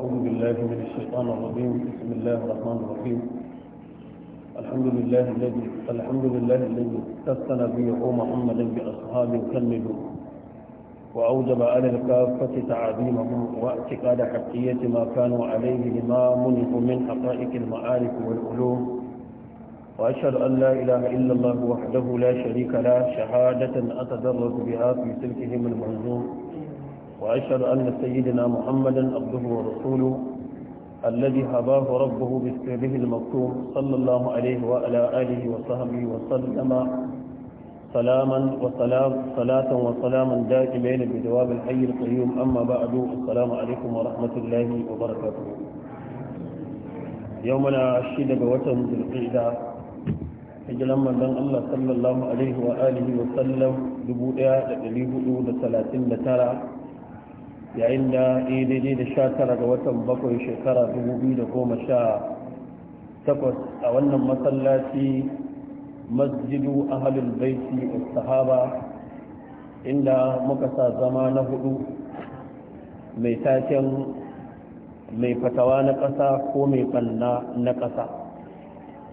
أعوذ بالله من الشيطان الرجيم بسم الله الرحمن الرحيم الحمد لله الذي الحمد لله الذي استثنى به محمدا بأصحاب كملوا وأوجب على الكافة تعظيمهم واعتقاد حقية ما كانوا عليه لما منحوا من حقائق المعارف والعلوم وأشهد أن لا إله إلا الله وحده لا شريك له شهادة أتدرج بها في سلكهم المنظوم وأشهد أن سيدنا محمدا عبده ورسوله الذي هباه ربه بسيره المكتوم صلى الله عليه وعلى آله وصحبه وسلم سلاما وسلام صلاة وسلاما دائمين بدواب الحي القيوم أما بعد السلام عليكم ورحمة الله وبركاته يومنا عشيد بوتن ذي القعدة صلى الله عليه وآله وسلم wa alihi wa ثلاثين 1439 yayin da daidai da sha tara ga watan bakwai shekara dubu da goma sha takwas a wannan masallaci masjidu a halin baiti sahaba inda muka sa zama na hudu mai taken mai fatawa na ƙasa ko mai ɓanna na ƙasa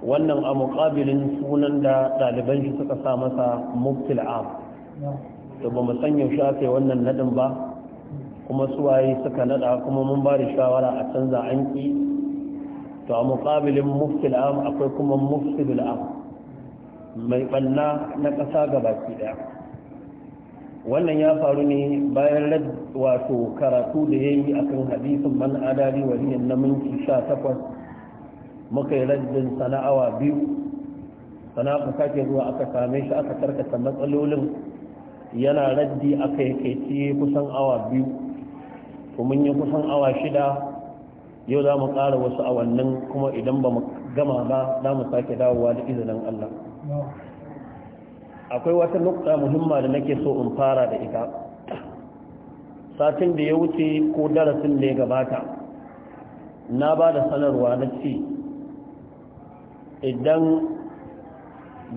wannan a muƙabilin sunan da ɗaliban shi suka sa masa muftil da to ba mu san yaushe aka yi wannan naɗin ba kuma suwaye suka nada kuma mun ba da shawara a canza an ki to a muƙabilin muftil am akwai kuma muftil am mai ɓanna na ƙasa ga baki ɗaya wannan ya faru ne bayan wato karatu da ya yi a kan hadisin man adari waliyan na minti sha takwas muka yi raddin sana'awa biyu sana'a sake zuwa aka same shi aka karkata matsalolin yana raddi aka yi kai kusan awa biyu kuma mun yi kusan awa shida yau za mu ƙara wasu awannin kuma idan ba mu gama ba za mu sake dawowa da izinin Allah akwai wata nukta muhimma da nake so in fara da ita satin da ya wuce ko darasin da ya gabata na ba da sanarwa na ce idan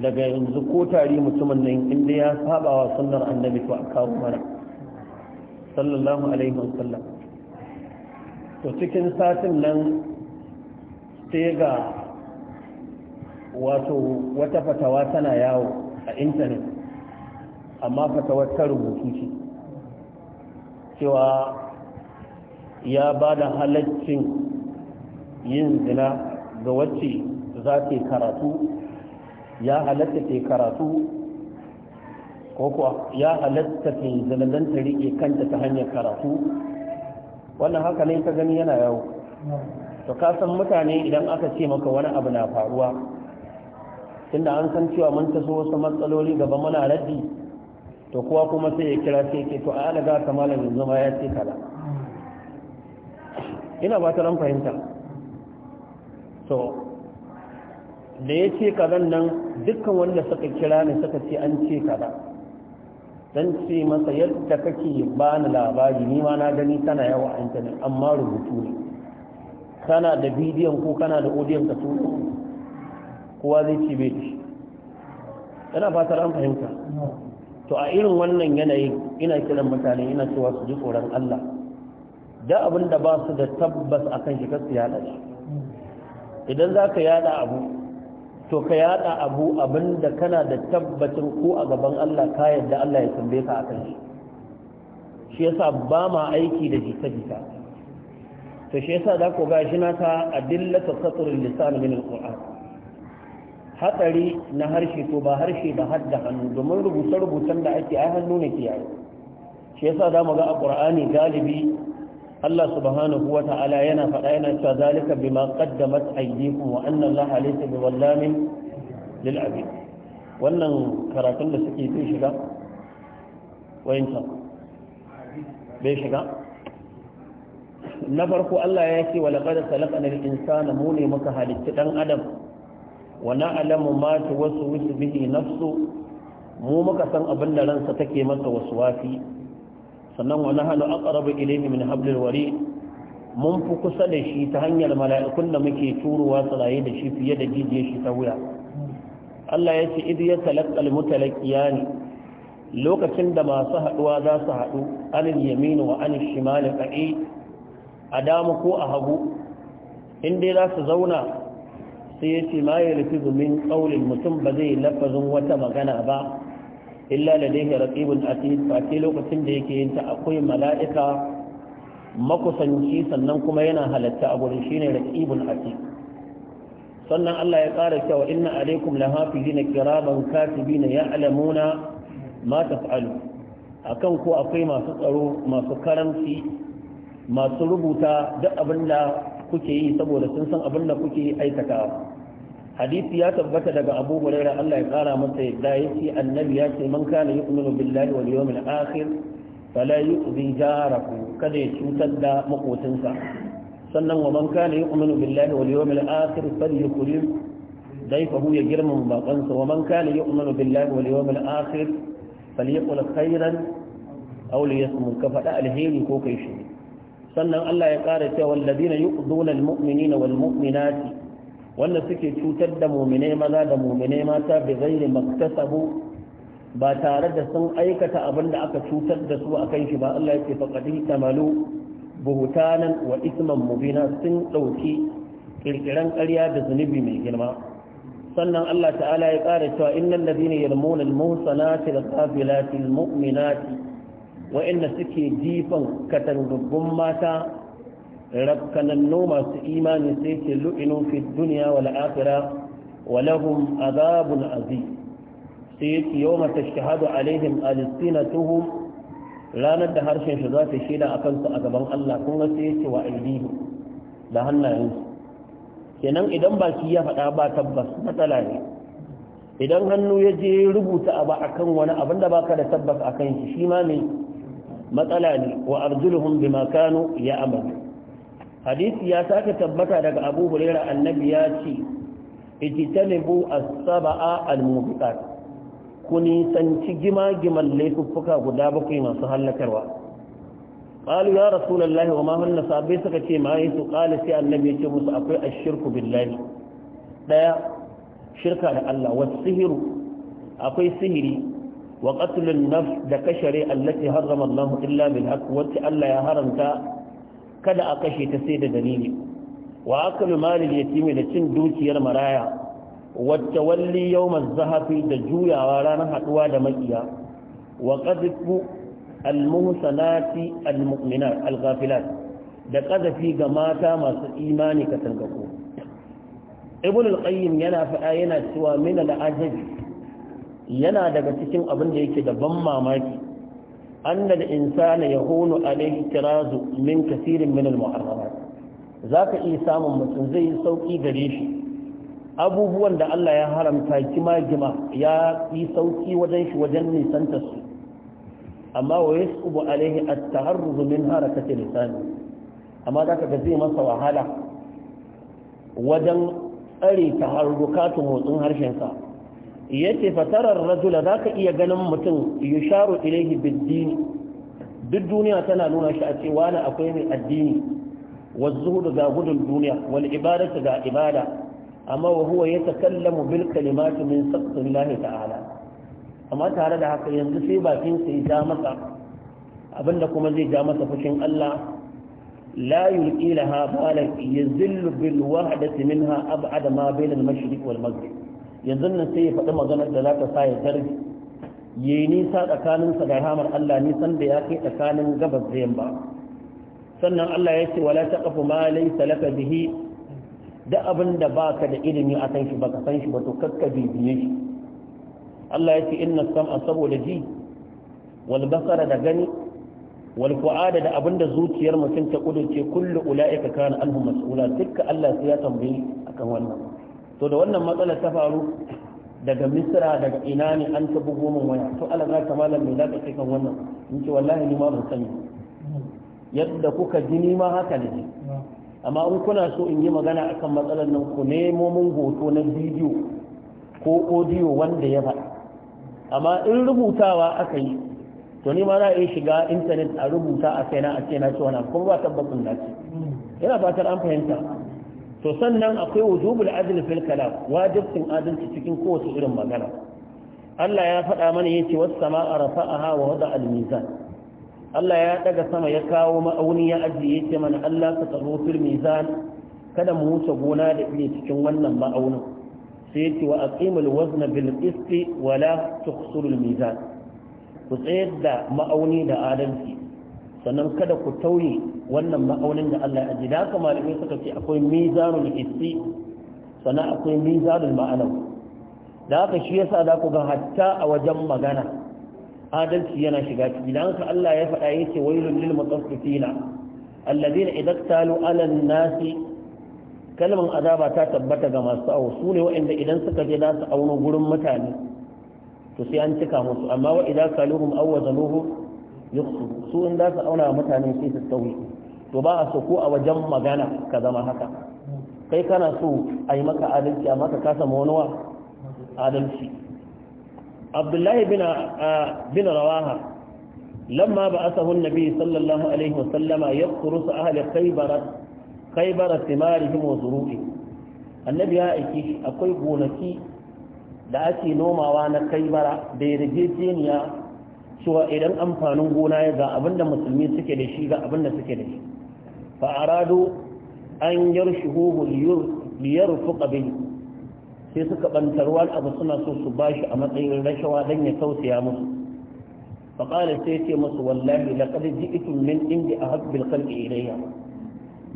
daga yanzu ko tari mutumin nan inda ya saba wa sunnar annabi to a kawo mana sallallahu alaihi wasallam to cikin satin nan sai ga wato wata fatawa tana yawo a intanet amma fatawar ta rubutu ce cewa ya ba da halaccin yin zina ga wacce za ta karatu ya halatta ta karatu ko kuwa ya halatta ta zalalanta riƙe kanta ta hanyar karatu wannan haka ne ka gani yana yawo to ka san mutane idan aka ce maka wani abu na faruwa tunda an san cewa mun taso wasu matsaloli gaba muna raddi to kuwa kuma sai ya kira sai ke to a alaga ta malam yanzu ma ya ce kala ina ba ta ran fahimta to da ya ce kazan nan dukkan wanda suka kira ne suka ce an ce kaza dan ce masa yadda kake ba ni labari ni ma na gani tana yawa a intanet amma rubutu ne kana da bidiyon ko kana da odiyon ka tuno kowa zai ce bai ci yana fatar an fahimta to a irin wannan yanayi ina kiran mutane ina cewa su ji tsoron Allah da abin da ba su da tabbas akan shi kasu yada shi idan za ka yada abu to ka yada abu abinda kana da tabbacin ko a gaban Allah ka yadda Allah ya tambaye ka akan shi shi yasa ba ma aiki da jita-jita to shi yasa da ku gashi na ta adillatu satrul lisan min alquran hatsari na harshe to ba harshe ba har da hannu domin rubuce rubutan da ake ai hannu ne ke yayi shi yasa da mu ga alqur'ani galibi Allah subhanahu wa ta'ala yana faɗa yana cewa zalika bima qaddamat aydikum wa anna Allah laysa biwallamin lil abin. wannan karatun da suke bai shiga wayanta bai shiga na farko Allah ya ce wa laqad khalaqna al insana mu ne muka halitta dan adam wa na'lamu ma tuwaswisu bihi nafsu mu muka san abin da ransa take masa waswafi sannan wani hannu aqrabu ilayhi min hablil wari mun fi kusa da shi ta hanyar mala'ikun da muke turuwa tsiraye da shi fiye da jijiyar shi ta wuya Allah ya ce idu ya talakkal mutalaqiyani lokacin da masu haɗuwa za su hadu anil yamin wa anil shimal qa'i a damu ko a hagu in dai za su zauna sai ya ce ma ya rufi zumin ƙaunin mutum ba zai lafazin wata magana ba illa dai raqibun atid fa sai lokacin da yake yin ta akwai mala'ika makusanci sannan kuma yana halatta a gurin shine raqibun atid sannan Allah ya ƙara cewa inna alaikum lahafizina kiraman katibina ya'lamuna ma a akan ko akwai masu tsaro masu karanci masu rubuta duk abin da kuke yi saboda sun san abin da kuke aikata hadisi ya tabbata daga abu hurairah Allah ya kara masa yadda yace annabi ya ce man kana yu'minu billahi wal yawmil akhir fala yu'zi jarahu kada ya cutar da makotinsa sannan wa man kana yu'minu billahi wal yawmil akhir falyukrim dayfahu ya girmama babansa wa man kana yu'minu billahi wal yawmil akhir falyaqul khairan aw liyasmut ka fada alheri ko kai shi sannan Allah ya kara cewa alladhina yu'duna al mu'minina wal mu'minati wanda suke cutar da muminai maza da muminai mata bi ghairi maktasabu ba tare da sun aikata abin da aka cutar da su a kan shi ba Allah ya ce faqadi tamalu buhutanan wa isman mubina sun dauki kirkiran ƙarya da zunubi mai girma sannan Allah ta'ala ya ƙara cewa innal ladina yarmuna al-muhsanati al-qafilati al-mu'minati wa inna suke jifan katangugun mata rakkananno masu imani sai ke lu'inu fi duniya wal akhirah wa lahum adhabun azim sai yake yawma tashhadu alaihim alsinatuhum ranar da harshen shi za ta shaida a kansu a gaban Allah kun ga sai yake wa aidihi da hannayensu kenan idan baki ya faɗa ba tabbas matsala ne idan hannu ya je rubuta abu akan wani abin da baka da tabbas kan shi shi ma ne matsala ne wa arjuluhum bima kanu ya amalu hadisi ya sake tabbata daga abu huraira annabi ya ce ijtanibu as-sab'a al-mubiqat ku nisanci gima-giman laifuffuka guda bakwai masu hallakarwa qalu ya rasulullahi wa ma hunna sabai suka ce ma yi su qala sai annabi ya ce musu akwai ashirku billahi daya shirka da Allah wasu sihiru akwai sihiri wa qatlun nafs da kashare allati harrama Allah illa bil haqq wacce Allah ya haramta kada a kashe ta sai da dalili wa akalu ya yatimi da cin dukiyar maraya wacce walli yawmaz zahafi da juyawa ranar haduwa da maƙiya wa qadfu almuhsanati almu'minat alghafilat da qadafi ga mata masu imani ka tangako ibn al yana faɗa yana cewa min al yana daga cikin abin da yake da ban mamaki أن الإنسان يهون عليه التراز من كثير من المحرمات ذاك إيسام متنزي سوقي قريش أبو هو أن الله يا هرم تاجما جما يا في سوقي وجنش وجني سنتسو أما ويسقب عليه التهرز من حركة لسانه أما ذاك جزي مسا وحالة وجن أري تحركات موطن هرشنسا yace fatarar rajula za ka iya ganin mutum yi sharo ilaihi biddini duk duniya tana nuna shi a cewa wani akwai mai addini wazzu da gudun duniya wani ibadata ga ibada amma wa ya ta kallamu bil kalimatu min saqtin lahi ta'ala amma tare da haka yanzu sai bakin sa ya ja abinda kuma zai ja masa fushin Allah la yulqi laha balan yuzillu bil wahdati minha ab'ada ma bayna al-mashriq wal maghrib yanzu nan sai ya faɗi maganar da za ta sa ya zargi ya yi nisa tsakaninsa da rahamar Allah nisan da ya kai tsakanin gabas da yamma sannan Allah ya ce wala taqfu ma laysa laka bihi da abin da baka da ilimi a kan shi baka san shi ba to kakka bibiye shi Allah ya ce inna sam'a saboda ji wal basara da gani wal fu'ada da abin da zuciyar mutum ta kudurce kullu ula'ika kana anhu mas'ula dukkan Allah sai ya tambayi akan wannan to da wannan matsalar ta faru daga Misira daga ina ne an ta bugu min waya to Allah za ka malam mai za ka ce kan wannan in ce wallahi ni ma ban sani yadda kuka ji ni ma haka ne amma in kuna so in yi magana akan matsalar nan ku nemo mun hoto na bidiyo ko audio wanda ya faɗa amma in rubutawa aka yi to ni ma na iya shiga intanet a rubuta a kaina a ce na ce wani kuma ba tabbacin ce. yana fatar an fahimta to sannan akwai wujubul adl fil kalam wajibin adalci cikin kowace irin magana Allah ya faɗa mana yace was samaa rafa'aha wa wada al mizan Allah ya daga sama ya kawo ma'auni ya ajiye yace mana Allah ka tsaro fil mizan kada mu wuce gona da iya cikin wannan ma'aunin sai yace wa aqimul wazna bil qist wa la mizan ku tsayar da ma'auni da adalci sannan kada ku tauye wannan ma'aunin da Allah ya ji da haka malamai suka ce akwai mizanul hissi sannan akwai mizanul ma'anawi da haka shi yasa za ku ga hatta a wajen magana adalci yana shiga ciki da haka Allah ya faɗa yake wailul lil mutaffifina alladhina idza talu ala nasi kalman azaba ta tabbata ga masu awo su ne waɗanda idan suka je za su auno gurin mutane to sai an cika musu amma wa idza kaluhum aw wazanuhu yusu su in za su auna mutane sai su sauyi to ba a so ko a wajen magana ka zama haka kai kana so a yi maka adalci amma ka kasa mawanuwa adalci abdullahi bin rawaha lamma ba asahun nabi sallallahu alaihi wasallama ya kuru su ahali kaibara timarihim wa zuru'i annabi ya aiki akwai gonaki da ake nomawa na kaibara da ya yarjejeniya cewa idan amfanin gona ya ga abinda musulmi suke da shi ga abinda suke da shi fa arado an yarshuhu liyar fuka sai suka bantarwa abu suna so su bashi a matsayin rashawa don ya tausaya musu fa qala sai ce musu wallahi laqad ji'tum min indi a bil khalqi ilayya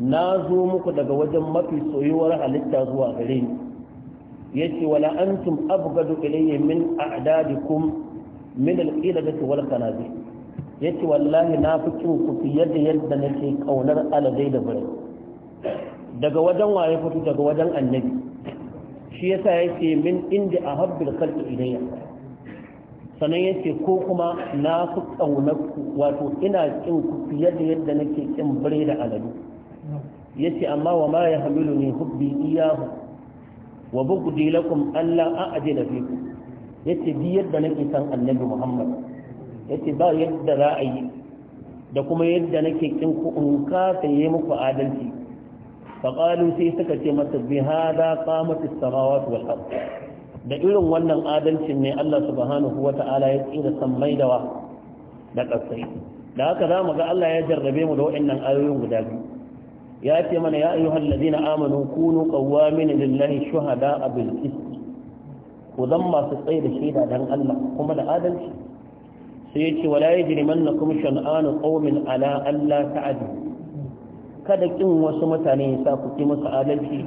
na zo muku daga wajen mafi soyuwar halitta zuwa gare ni ce, wala gado abgadu ilayya min kum min da na wal Ya ce wallahi na fi kin ku fiye da yadda nake ƙaunar alazai da birai. daga wajen waye fito daga wajen annabi shi yasa ce min inda ahabbil khalqi ilayya sannan ya ce ko kuma na fi kaunar ku wato ina kin ku fiye da yadda nake kin bare da aladu ce amma wa ma ne hubbi iyahu wa bughdi lakum alla a'jila fikum yace bi yadda nake san annabi Muhammad yace ba yadda za a yi da kuma yadda nake kin ku in ka saye muku adalci fa qalu sai suka ce masa bi hada qamatis samawati wal ard da irin wannan adalcin ne Allah subhanahu wata'ala ya tsira da wa da kasai da haka zamu ga Allah ya jarrabe mu da waɗannan ayoyin guda biyu ya ce mana ya ayyuhal ladina amanu kunu qawwamin lillahi shuhada bil qist ku zan masu tsaye da shaida don Allah kuma da adalci sai ya ce wala yajrimannakum shan'anu qaumin ala alla ta'du kada kin wasu mutane ya sa ku ki musu adalci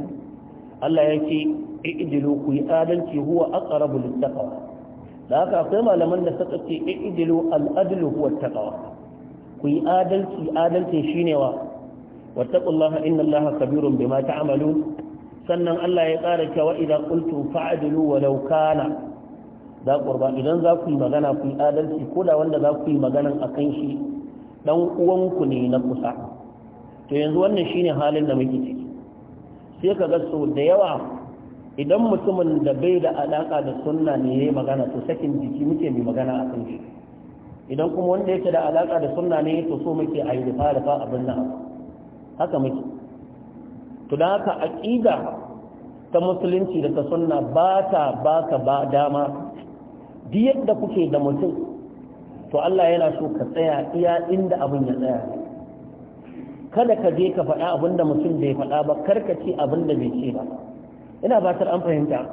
Allah ya ce i'dilu ku yi adalci huwa aqrabu lit-taqwa da aka akwai malaman da suka ce i'dilu al-adlu huwa at ku yi adalci adalci shine wa wattaqullaha innallaha kabirun bima ta'malun sannan Allah ya ƙara cewa idza qultu fa'dilu walau kana da qurban idan za ku yi magana ku yi adalci ko da wanda za ku yi magana akan shi dan uwanku ne na kusa to yanzu wannan shine halin da muke ciki sai ka ga so da yawa idan mutumin da bai da alaka da sunna ne yayi magana to sakin jiki muke mai magana akan shi idan kuma wanda yake da alaka da sunna ne to so muke ayyuka da fara fa abin nan haka muke to da ta musulunci da ta sunna ba ta baka ba dama duk yadda kuke da mutum to Allah yana so ka tsaya iya inda abin ya tsaya kada ka je ka faɗa abin da mutum bai faɗa ba kar ka ce abin da bai ce ba ina fatar an fahimta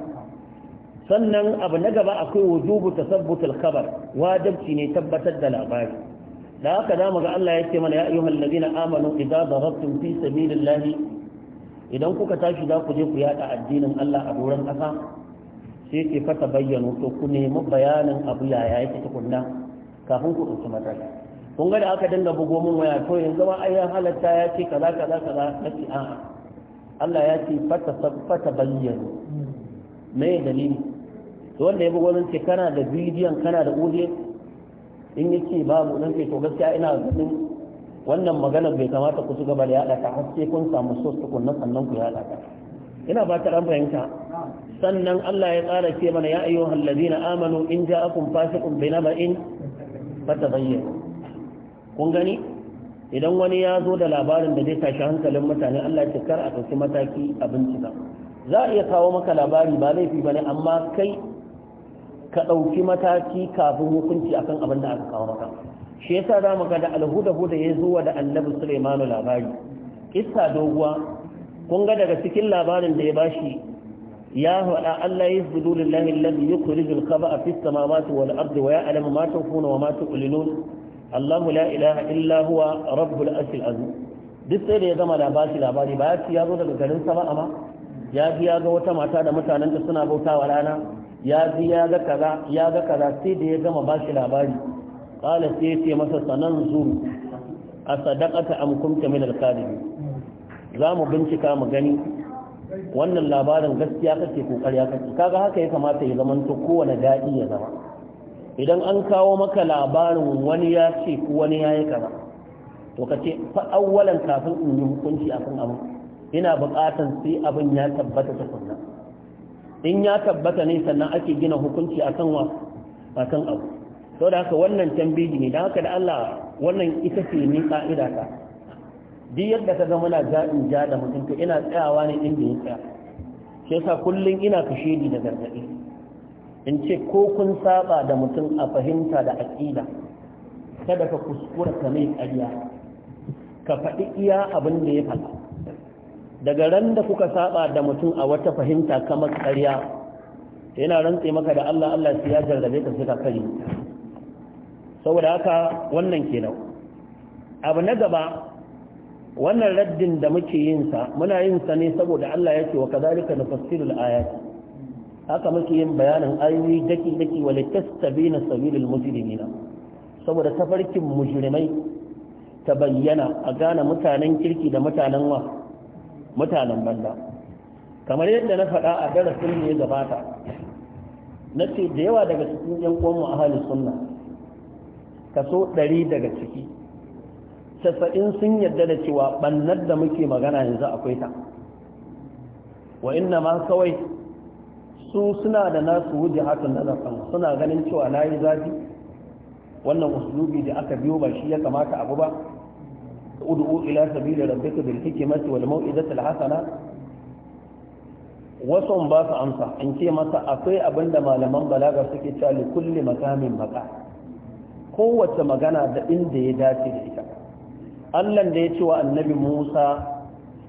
sannan abu na gaba akwai wujubu tasabbutul khabar wajibci ne tabbatar da labari da haka zamu ga Allah yake mana ya ayyuhal ladina amanu idza darabtum fi sabilillahi idan kuka tashi za ku je ku yada addinin Allah a doron ƙasa sai ke fata bayyano to ku nemi bayanin abu ya yi yake tukunna kafin ku ɗauki mataki kun ga da aka dinga bugo min waya to yanzu ma ayyan halatta ya ce kaza kaza kaza na ce Allah ya ce fata fata bayyano me dalili to wanda ya bugo min ce kana da bidiyon kana da audio in yake babu nan ce to gaskiya ina ganin wannan magana bai kamata ku su gaba da yaɗa ta har sai kun samu sos tukun na sannan ku yaɗa ta ina ba ta ran fahimta sannan Allah ya tsara ce mana ya ayyuhal ladina amanu in ja'akum fasiqun binaba'in fatabayyanu kun gani idan wani ya zo da labarin da zai tashi hankalin mutane Allah ya kar a dauki mataki a bincika za a iya kawo maka labari ba laifi bane amma kai ka ɗauki mataki kafin hukunci akan abin da aka kawo maka shi yasa za mu ga da alhudahu da ya zuwa da annabi sulaimanu labari kissa doguwa kun ga daga cikin labarin da ya bashi ya faɗa Allah ya zudu lillahi alladhi yukhrijul khaba'a fis samawati wal ardi wa ya'lamu ma kuna wa ma tu'linun Allahu la ilaha illa huwa rabbul arshil azim duk sai da ya zama da bashi labari ba ya zo daga garin sama amma ya ji ya ga wata mata da mutanen da suna bautawa rana ya ji ya ga kaza ya ga kaza sai da ya gama bashi labari qala sai ya ce masa sanan zuru a sadaqata am kunta min al-kadhibin za mu bincika mu gani wannan labarin gaskiya kake kokari ƙarya kake kaga haka ya kamata ya zamanto kowane daɗi ya zama idan an kawo maka labarin wani ya ce ko wani ya yi kaza to ka ce fa awwalan kafin in yi hukunci akan abu ina buƙatan sai abin ya tabbata ta sunna in ya tabbata ne sannan ake gina hukunci akan wa akan abu sau da haka wannan tambayi ne da haka da Allah wannan ita ce ni ka'ida ta duk yadda ka zama na ja'in ja da mutum to ina tsayawa ne inda ya tsaya shi yasa kullum ina ni da gargaɗi in ce ko kun saba da mutum a fahimta da aƙida kada ka kuskura ka mai ƙarya ka faɗi iya abin da ya faɗa daga ran da kuka saba da mutum a wata fahimta kamar ƙarya yana rantse maka da Allah Allah sai ya jarrabe ka sai ka kare saboda haka wannan kenan abu na gaba wannan raddin da muke yin muna yinsa ne saboda Allah yake wa kadhalika nufassirul ayat haka muke yin bayanin ayoyi daki daki wa litastabina sabilul mujrimin saboda tafarkin mujrimai ta bayyana a gane mutanen kirki da mutanen wa mutanen banda kamar yadda na faɗa a darasin ne gabata na ce da yawa daga cikin yan uwan mu halin sunna kaso ɗari daga ciki casa'in sun yarda da cewa ɓannar da muke magana yanzu akwai ta wa inna ma kawai su suna da nasu wuje hatun nazafan suna ganin cewa na yi zafi wannan usulubi da aka biyo ba shi ya kamata abu ba ud'u ila sabili rabbika bil hikmati wal mau'izati al hasana wasu ba su amsa in ce masa akwai abinda malaman balaga suke cewa li kulli makamin maka kowace magana da inda ya dace da ita da ya ce wa annabi Musa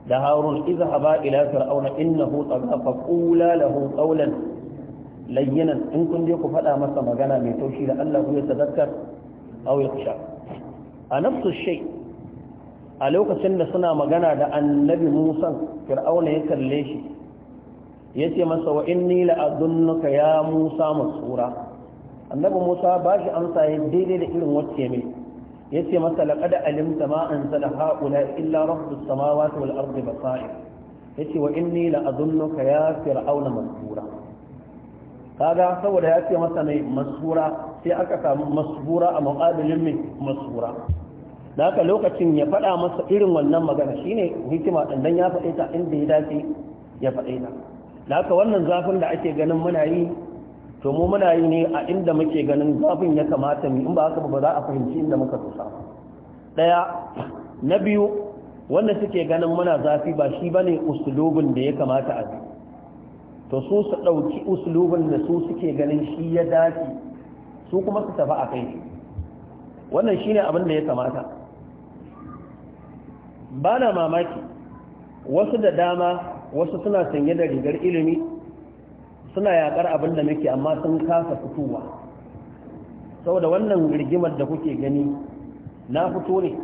da Harun izhaba ila fir'auna innahu tagha fa qula lahu qawlan layyinan in kun je ku faɗa masa magana mai taushi da Allah ya tadakkar aw yakhsha a nafsu shay a lokacin da suna magana da annabi Musa fir'auna ya kalle shi yace masa wa inni la adunnuka ya Musa masura annabi musa ba shi amsa ya daidai da irin wacce mai ya ce masa laƙad alimta ma an zala haƙula illa rabbus samawati wal ardi basair ya ce wa inni la azunnuka ya fir'auna masura kaga saboda ya ce masa mai masura sai aka samu masura a muqabilin mai masura da haka lokacin ya faɗa masa irin wannan magana shine hikima ɗin dan ya faɗe ta inda ya dace ya faɗe ta da haka wannan zafin da ake ganin muna yi to mu muna yi ne a inda muke ganin zafin ya kamata mu in ba haka ba za a fahimci inda muka dosa daya na biyu wanda suke ganin muna zafi ba shi bane uslubin da ya kamata a bi to su su dauki uslubin da su suke ganin shi ya dace su kuma su tafi a kai wannan shine abin da ya kamata ba na mamaki wasu da dama wasu suna sanye da rigar ilimi suna yakar abin da muke amma sun kasa fitowa saboda wannan rigimar da kuke gani na fito ne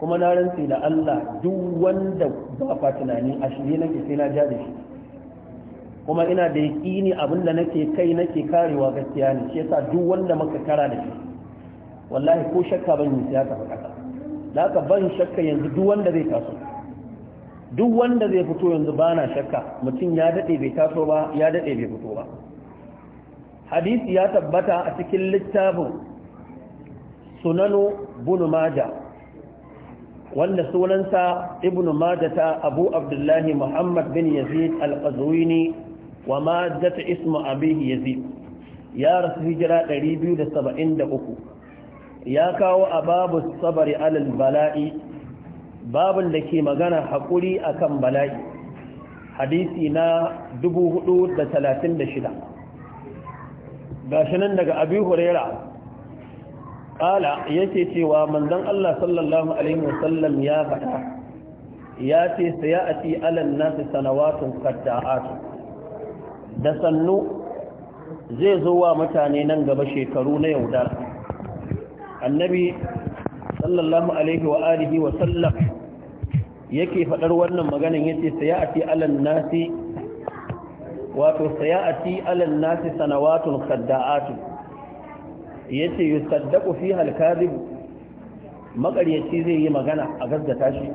kuma na rantse da Allah duk wanda ba fa tunani a shirye nake sai na ja shi kuma ina da yaƙini abin da nake kai nake karewa gaskiya ne shi yasa duk wanda muka kara da shi wallahi ko shakka ban yi siyasa ba kasa da haka ban shakka yanzu duk wanda zai taso duk wanda zai fito yanzu ba na shakka mutum ya daɗe bai taso ba ya daɗe bai fito ba hadisi ya tabbata a cikin littafin sunanu bunu maja wanda sunansa ibnu maja ta abu abdullahi muhammad bin yazid al-qazwini wa maja ta ismu abihi yazid ya rasu hijira 273 ya kawo a babu sabari alal bala'i babin da ke magana haƙuri akan bala'i hadisi na 436 gashi nan daga abi huraira ƙala yake cewa manzan Allah sallallahu alaihi wasallam ya faɗa ya ce a sayati alan nasu sanawatun qatta'at da sannu zai zo wa mutane nan gaba shekaru na yaudar. annabi sallallahu alaihi wa alihi wa sallam yake faɗar wannan maganin yace sayati alan nasi wato sayati alan nasi sanawatun khadda'atu yace yusaddaqu fiha al-kadhib makaryaci zai yi magana a gaggata shi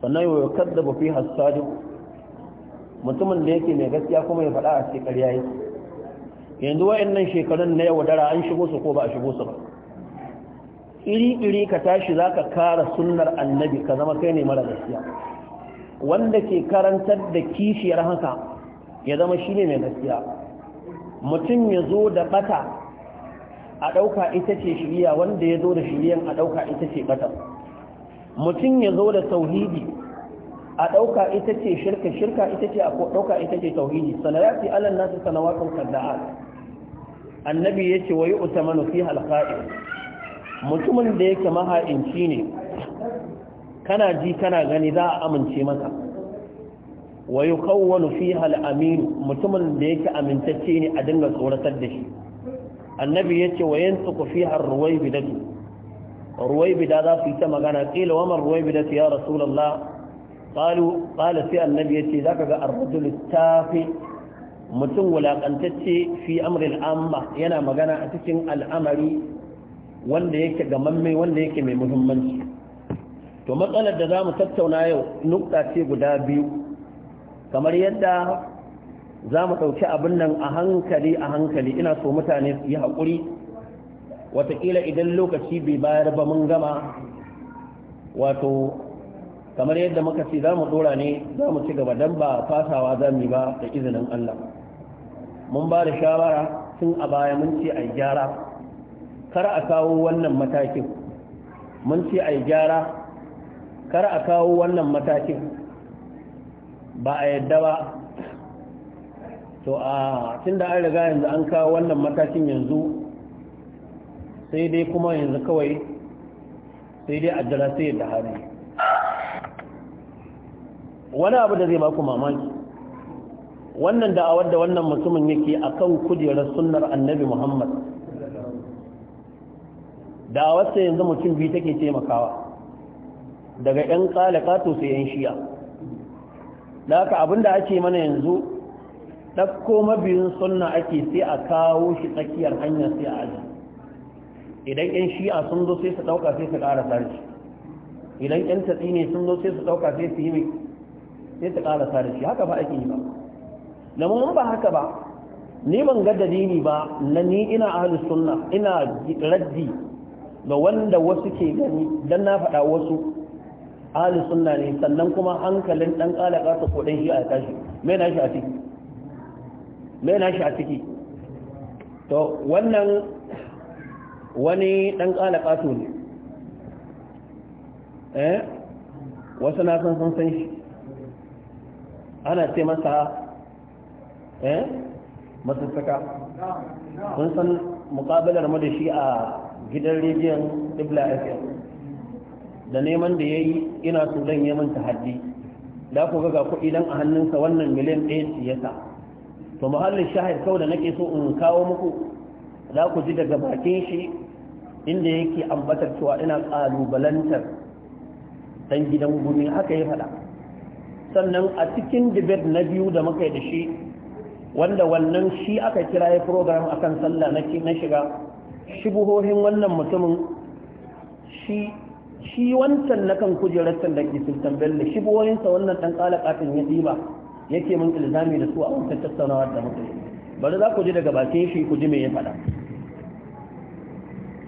sannan wa kaddabu fiha as-sadiq mutumin da yake mai gaskiya kuma ya faɗa a cikin ƙarya yake yanzu nan shekarun na yau dara an shigo su ko ba a shigo su ba iri-iri ka tashi za ka kara sunnar annabi ka zama kai ne mara gaskiya wanda ke karantar da kishiyar haka ya zama shi ne mai gaskiya mutum ya zo da bata a ɗauka ita ce shiriya wanda ya zo da shiriyan a ɗauka ita ce bata mutum ya zo da tauhidi a ɗauka ita ce shirka shirka ita ce a ɗauka ita ce tauhidi sanarati alan nasu sanawatun kadda'at annabi ya ce wa yi utamanu fi halqa'i mutumin da yake maha'inci ne kana ji kana gani za a amince masa wa yukawwanu fiha al mutumin da yake amintacce ne a dinga tsoratar da shi annabi ce wa yantuqu fiha ar-ruwaybidatu ruwaybida za su yi ta magana qila wa man ya Rasulallah. qalu sai annabi yace zaka ga ar littafi? mutum wulaƙantacce fi amri amma yana magana a cikin al'amari wanda yake ga mamme wanda yake mai muhimmanci to matsalar da za mu tattauna yau nukta ce guda biyu kamar yadda za mu ɗauki abin nan a hankali a hankali ina so mutane su yi haƙuri watakila idan lokaci bai bayar ba mun gama wato kamar yadda muka ce za mu ɗora ne za mu ci gaba don ba fasawa za mu yi ba da izinin allah mun ba da shawara tun a baya mun ce a gyara kar a kawo wannan matakin mun ce a gyara kar a kawo wannan matakin ba a yadda ba to a tun da an riga yanzu an kawo wannan matakin yanzu sai dai kuma yanzu kawai sai dai jira sai da hali wani abu da zai baku mamaki wannan da'awar da wannan mutumin yake akan kujerar sunnar annabi muhammad da wasu yanzu mutum biyu take taimakawa daga 'yan tsalakato sai 'yan shiya da haka abinda ake mana yanzu ɗakko mabiyin sunna ake sai a kawo shi tsakiyar hanyar sai a aji idan 'yan shi'a sun zo sai su ɗauka sai su ƙara sarci idan 'yan tatsi ne sun zo sai su ɗauka sai su yi mai sai su ƙara sarci haka ba ake yi ba namun ba haka ba ni ban ga dalili ba na ni ina ahalus sunna ina raddi ga wanda wasu ke gani dan na faɗa wasu ahli sunna ne sannan kuma hankalin dan kalaka ko kodin shi a tashi me na shi a ciki me na shi a ciki to wannan wani dan kalaka su ne eh wasu na san san san shi ana ce masa eh masassaka sun san mukabalar mu da shi a gidan rediyon ibla fm da neman da ya yi ina so zan yi min tahaddi da ku ga kuɗi dan a hannunsa wannan miliyan ɗaya ya siyasa to muhallin shahid kawai da nake so in kawo muku za ku ji daga bakin shi inda yake ambatar cewa ina ƙalubalantar dan gidan gumi haka ya faɗa sannan a cikin dibet na biyu da muka yi da shi wanda wannan shi aka kira ya program akan sallah na shiga shibuhohin wannan mutumin shi shi wancan na kan kujerar da ke sultan bello shibuhohinsa wannan ɗan ƙafin ya ɗiba yake min ilzami da su a wancan tattaunawar da mutum bari za ku ji daga bakin shi ku ji me ya faɗa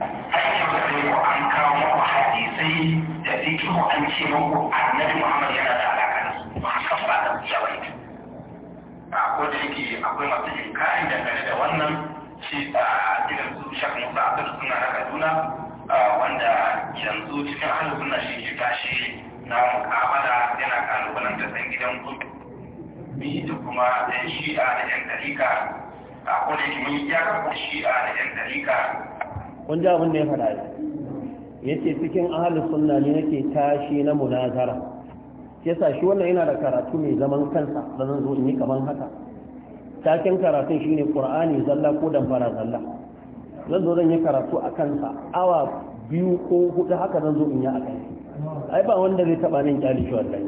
an da Muhammad yana da alaƙa da su ba da Ko akwai masu inkari dangane da wannan shi a gidan su shafi sa'adar suna na kaduna wanda yanzu cikin hannu suna shi shi tashi na mukamala yana kalubalen da san gidan su mi da kuma yan shi'a da yan tarika a kodayake mun yi iyakar shi'a da yan tarika kun ji abin da ya faɗa ya ce cikin ahalus sunna ne nake tashi na munazara yasa shi wannan yana da karatu mai zaman kansa da zan zo in yi kamar haka taken karatun shine qur'ani zalla ko fara zalla zan zo zan yi karatu a kansa awa biyu ko hudu haka zan zo in yi a kai ai ba wanda zai taba min kyali shi wallahi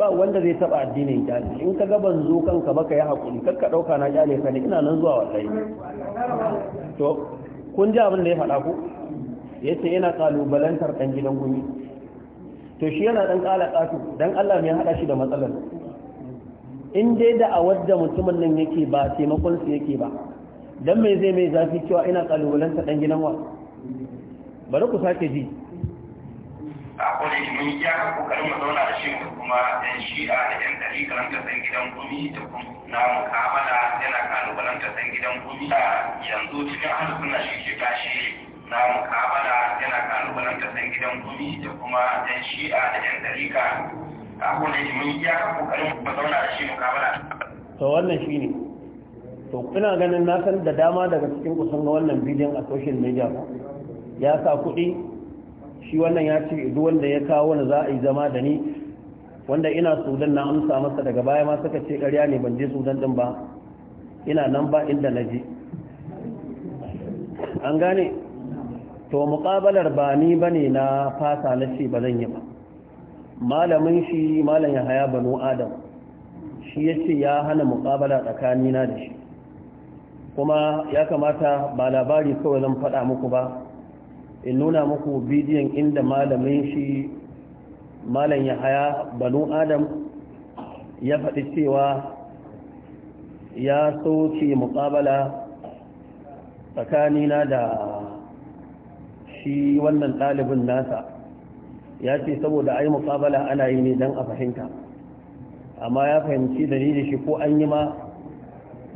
ba wanda zai taba addinin kyali in ka ga ban zo kanka ba ka yi hakuri kar ka dauka na kyale ka ne ina nan zuwa wallahi to kun ji abin da ya faɗa ku yace yana kalubalantar dan gidan gumi to shi yana dan kala kasu dan Allah mai hada shi da matsalar in dai da a wadda mutumin nan yake ba taimakon su yake ba dan mai zai mai zafi cewa ina kalubalanta dan gidan wa bari ku sake ji a kwanan mun yi ya kokarin mu zauna da shi kuma yan shi'a da yan dari karanta san gidan gumi da kuma mukamala yana kalubalanta san gidan gumi a yanzu cikin hannu suna shi ke tashi na mukamala yana kalubalanta san gidan gumi da kuma yan shi'a da yan dari a kone shi da shi to wannan shi ne to ina ganin na san da dama daga cikin kusan ga wannan bidiyon a social media ba ya sa kuɗi shi wannan ya ce idu wanda ya kawo wani za a yi zama da ni wanda ina sudan na amsa masa daga baya ma suka ce ƙarya ne ban je sudan din ba ina nan ba inda na je an gane to muƙabalar ba ni ba ne na fasa na ce ba zan yi ba malamin shi malam ya haya banu adam shi ya ce ya hana muƙabala tsakanina da shi kuma ya kamata ba labari kawai zan faɗa muku ba in nuna muku bidiyon inda malamin shi malam ya haya banu adam ya faɗi cewa ya soke muƙabala tsakanina da shi wannan ɗalibin nasa ya ce saboda ai mukabala ana yi ne dan a fahimta amma ya fahimci da shi ko an yi ma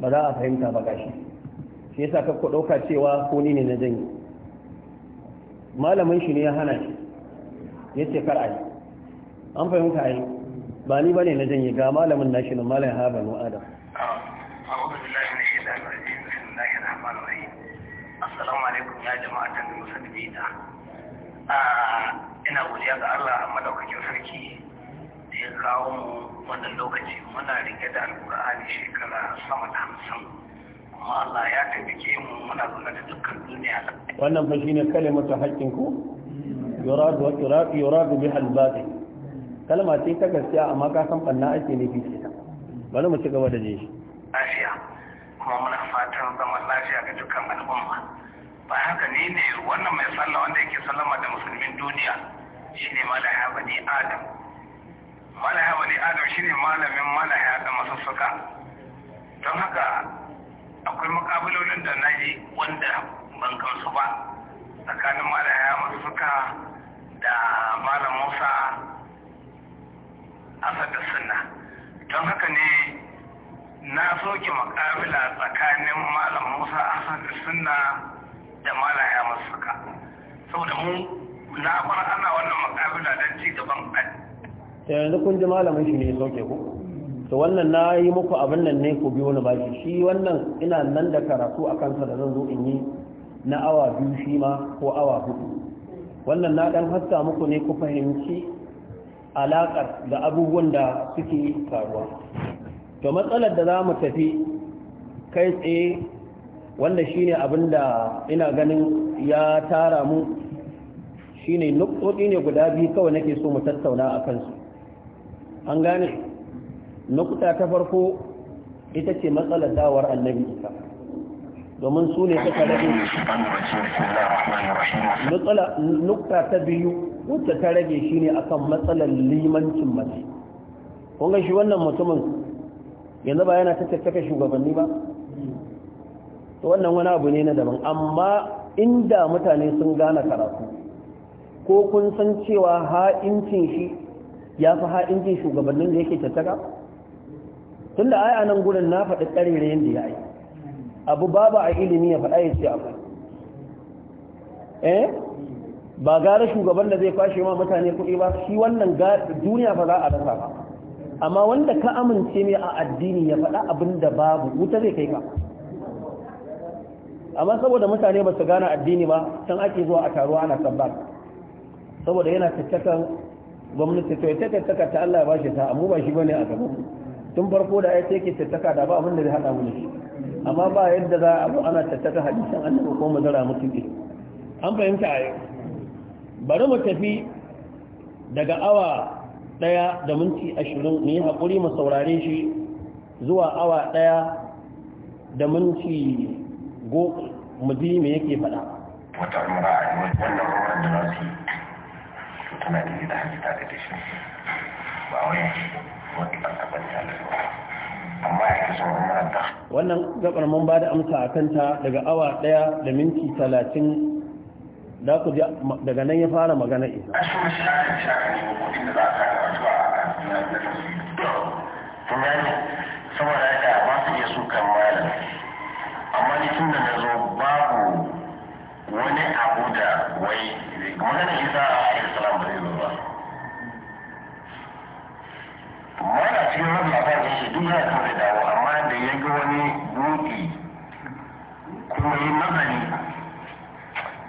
ba za a fahimta ba gashi shi yasa ka ɗauka cewa ko ni ne na janyi malamin shi ne ya hana shi ya ce kar ai an fahimta ai ba ni bane na janyi ga malamin nashi na malamin haban wa adam assalamu alaikum ya jama'atan musulmi da ina godiya ga Allah a madaukakin sarki da ya kawo mu wannan lokaci muna rike da alkur'ani shekara sama da hamsin kuma Allah ya taimake mu muna zuwa da dukkan duniya wannan fa shine kalimatu haqqin ku yuradu wa iraqi yuradu biha al-batil kalma ce ta gaskiya amma ka san banna ake ne fice ta bari mu ci gaba da jin shi lafiya kuma muna fatan zaman lafiya ga dukkan al'umma ba haka ne ne wannan mai sallah wanda yake sallama da musulmin duniya shine malaha bani adam malaha bani adam shine malamin malaha da masassuka, don haka akwai makabalolin da naji wanda ban kansu ba tsakanin malaha masassuka da malam musa asad da sunna don haka ne na soke makabila tsakanin malam musa asad da sunna da malaha masassuka saboda mu na fara wannan makabila don ci gaban ta yanzu kun ji malamin shi ne ya sauke ku to wannan na yi muku abin nan ne ku biyo ni baki shi wannan ina nan da karatu a kansa da zan zo in yi na awa biyu shi ma ko awa hudu wannan na dan haska muku ne ku fahimci alaƙar da abubuwan da suke faruwa to matsalar da za mu tafi kai tsaye wanda shine abin da ina ganin ya tara mu shine nuktoti ne guda biyu kawai nake so mu tattauna a kansu an gane nukuta ta farko ita ce matsalar dawar annabi isa domin su ne suka rage nukta ta biyu wacce ta rage shine akan matsalar limancin mace kun shi wannan mutumin yanzu ba yana tattaka shugabanni ba to wannan wani abu ne na daban amma inda mutane sun gane karatu ko kun san cewa ha'incin shi ya fi ha'incin shugabannin da yake tattaka tun da aya nan gudun na faɗi ƙarerayen da ya yi abu babu a ilimi ya faɗa ya ce abu eh ba gara shugaban da zai kwashe ma mutane kuɗi ba shi wannan duniya fa za a rasa ba amma wanda ka amince mai a addini ya faɗa abin da babu wuta zai kai ka amma saboda mutane ba su gane addini ba can ake zuwa a taruwa ana sabbar saboda yana tattakan gwamnati to ita tattaka ta Allah ya bashi ta amma ba shi bane a gaba tun farko da ai take tattaka da ba abin da zai hada mu shi amma ba yadda za a ana tattaka hadisin annabi ko mazara mutum ne an fahimta yau, bari mu tafi daga awa daya da minti ashirin mu yi haƙuri mu saurare shi zuwa awa daya da minti go mu ji me yake faɗa. Wata mura a wannan wurin da tana da gida hajji tare da shi ba wai mutlaka taɓa da ba amma ya fi sauran maranta. Wannan gabar mun ba da amsa a kanta daga awa ɗaya da minti talatin da ku ji daga nan ya fara magana isa. A shi mashi na kan shi akan yi kudin da za a kara wasu a da tasiri. Kun gani saboda haka ba su iya su kan malam. Amma ni tun da na zo babu wani abu da wai wannan shi a alaihi salam ba zai zo ba mana cikin wannan labarin shi duk ya kan zai dawo amma da ya ga wani buɗi kuma yi nazari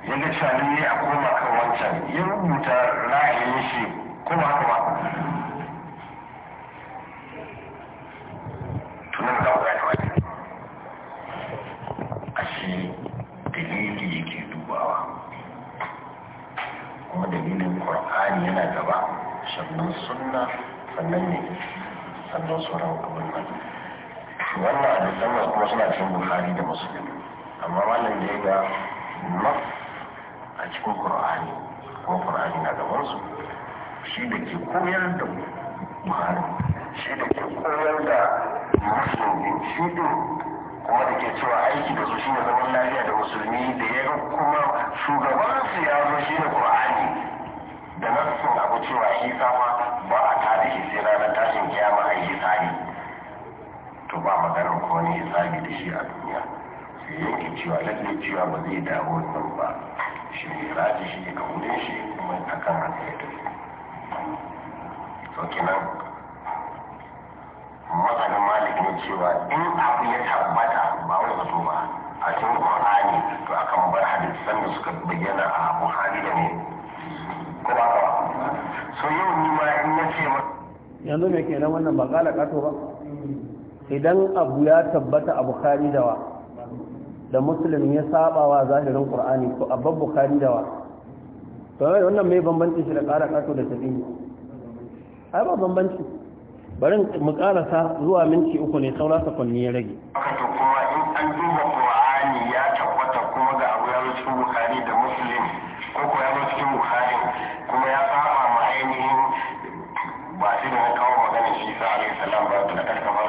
ya ga cewa ne a koma kan wancan ya rubuta ra'ayin shi kuma haka tunan da wani wani ashe dalili yake dubawa kuma dalilin qur'ani yana gaba sannan suna sannan ne sannan sauran hukumar wannan hadisan kuma suna cin buhari da musulmi amma malin da ya ga nas a cikin qur'ani ko qur'ani na gaban su shi da ke koyar da buhari shi da ke koyar da musulmi shi da wanda ke cewa aiki da su shi ne zaman lafiya da musulmi da ya ga kuma shugabansu ya zo shi ne qur'ani da sun abu cewa isa ma ba a tada shi sai ranar tashin kiyama a yi tsari to ba maganar ko ya hisabi da shi a duniya sai yanke cewa lalle cewa ba zai dawo nan ba shi ne raji shi ga wurin shi kuma ya haka ya tafi so mazanin malikin cewa in abu ya tabbata ba wani zato ba a cikin qur'ani to kan bar hadisan da suka bayyana a buhari da ne ko ba ba so yau ni ma in na ce yanzu me kenan wannan ba kala kato ba idan abu ya tabbata a bukhari da wa da muslim ya saba wa zahirin qur'ani ko abban bukhari da wa to wannan mai bambanci shi da kara kato da tafi ai ba bambanci bari mu karasa zuwa minti uku ne saura sakonni ya rage kuma in an duba qur'ani ya tabbatar kuma ga abu ya zo cikin da muslim ko ko cikin bukhari kuma ya saba ma ainihin ba shi da kawo magana shi sa alaihi salam ba karkafa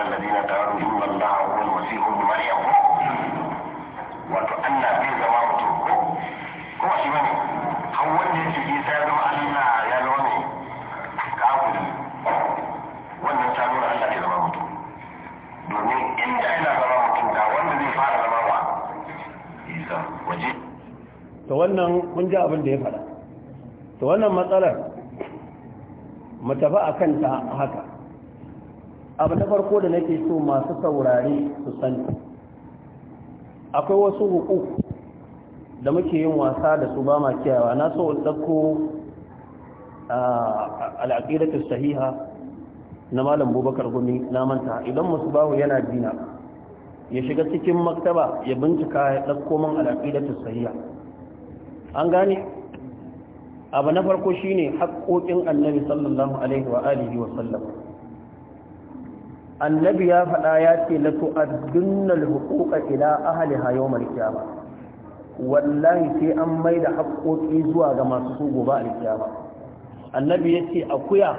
ta wannan kun ji abin da ya faɗa ta wannan matsalar mu tafi a kanta haka abu na farko da nake so masu saurari su sani akwai wasu hukuku da muke yin wasa da su ba ma kiyawa na so in ɗauko al'aƙidatun sahiha na malam bubakar gumi na manta idan musu bawo yana dina ya shiga cikin maktaba ya bincika ya ɗauko man al'aqidatus sahiha an gane abu na farko shine haƙoƙin annabi sallallahu alaihi wa alihi wa sallam annabi ya faɗa ya ce la tu'addunnal huquqa ila ahliha yawmal qiyamah wallahi sai an maida haƙoƙi zuwa ga masu su gobe alkiyama annabi ya ce akuya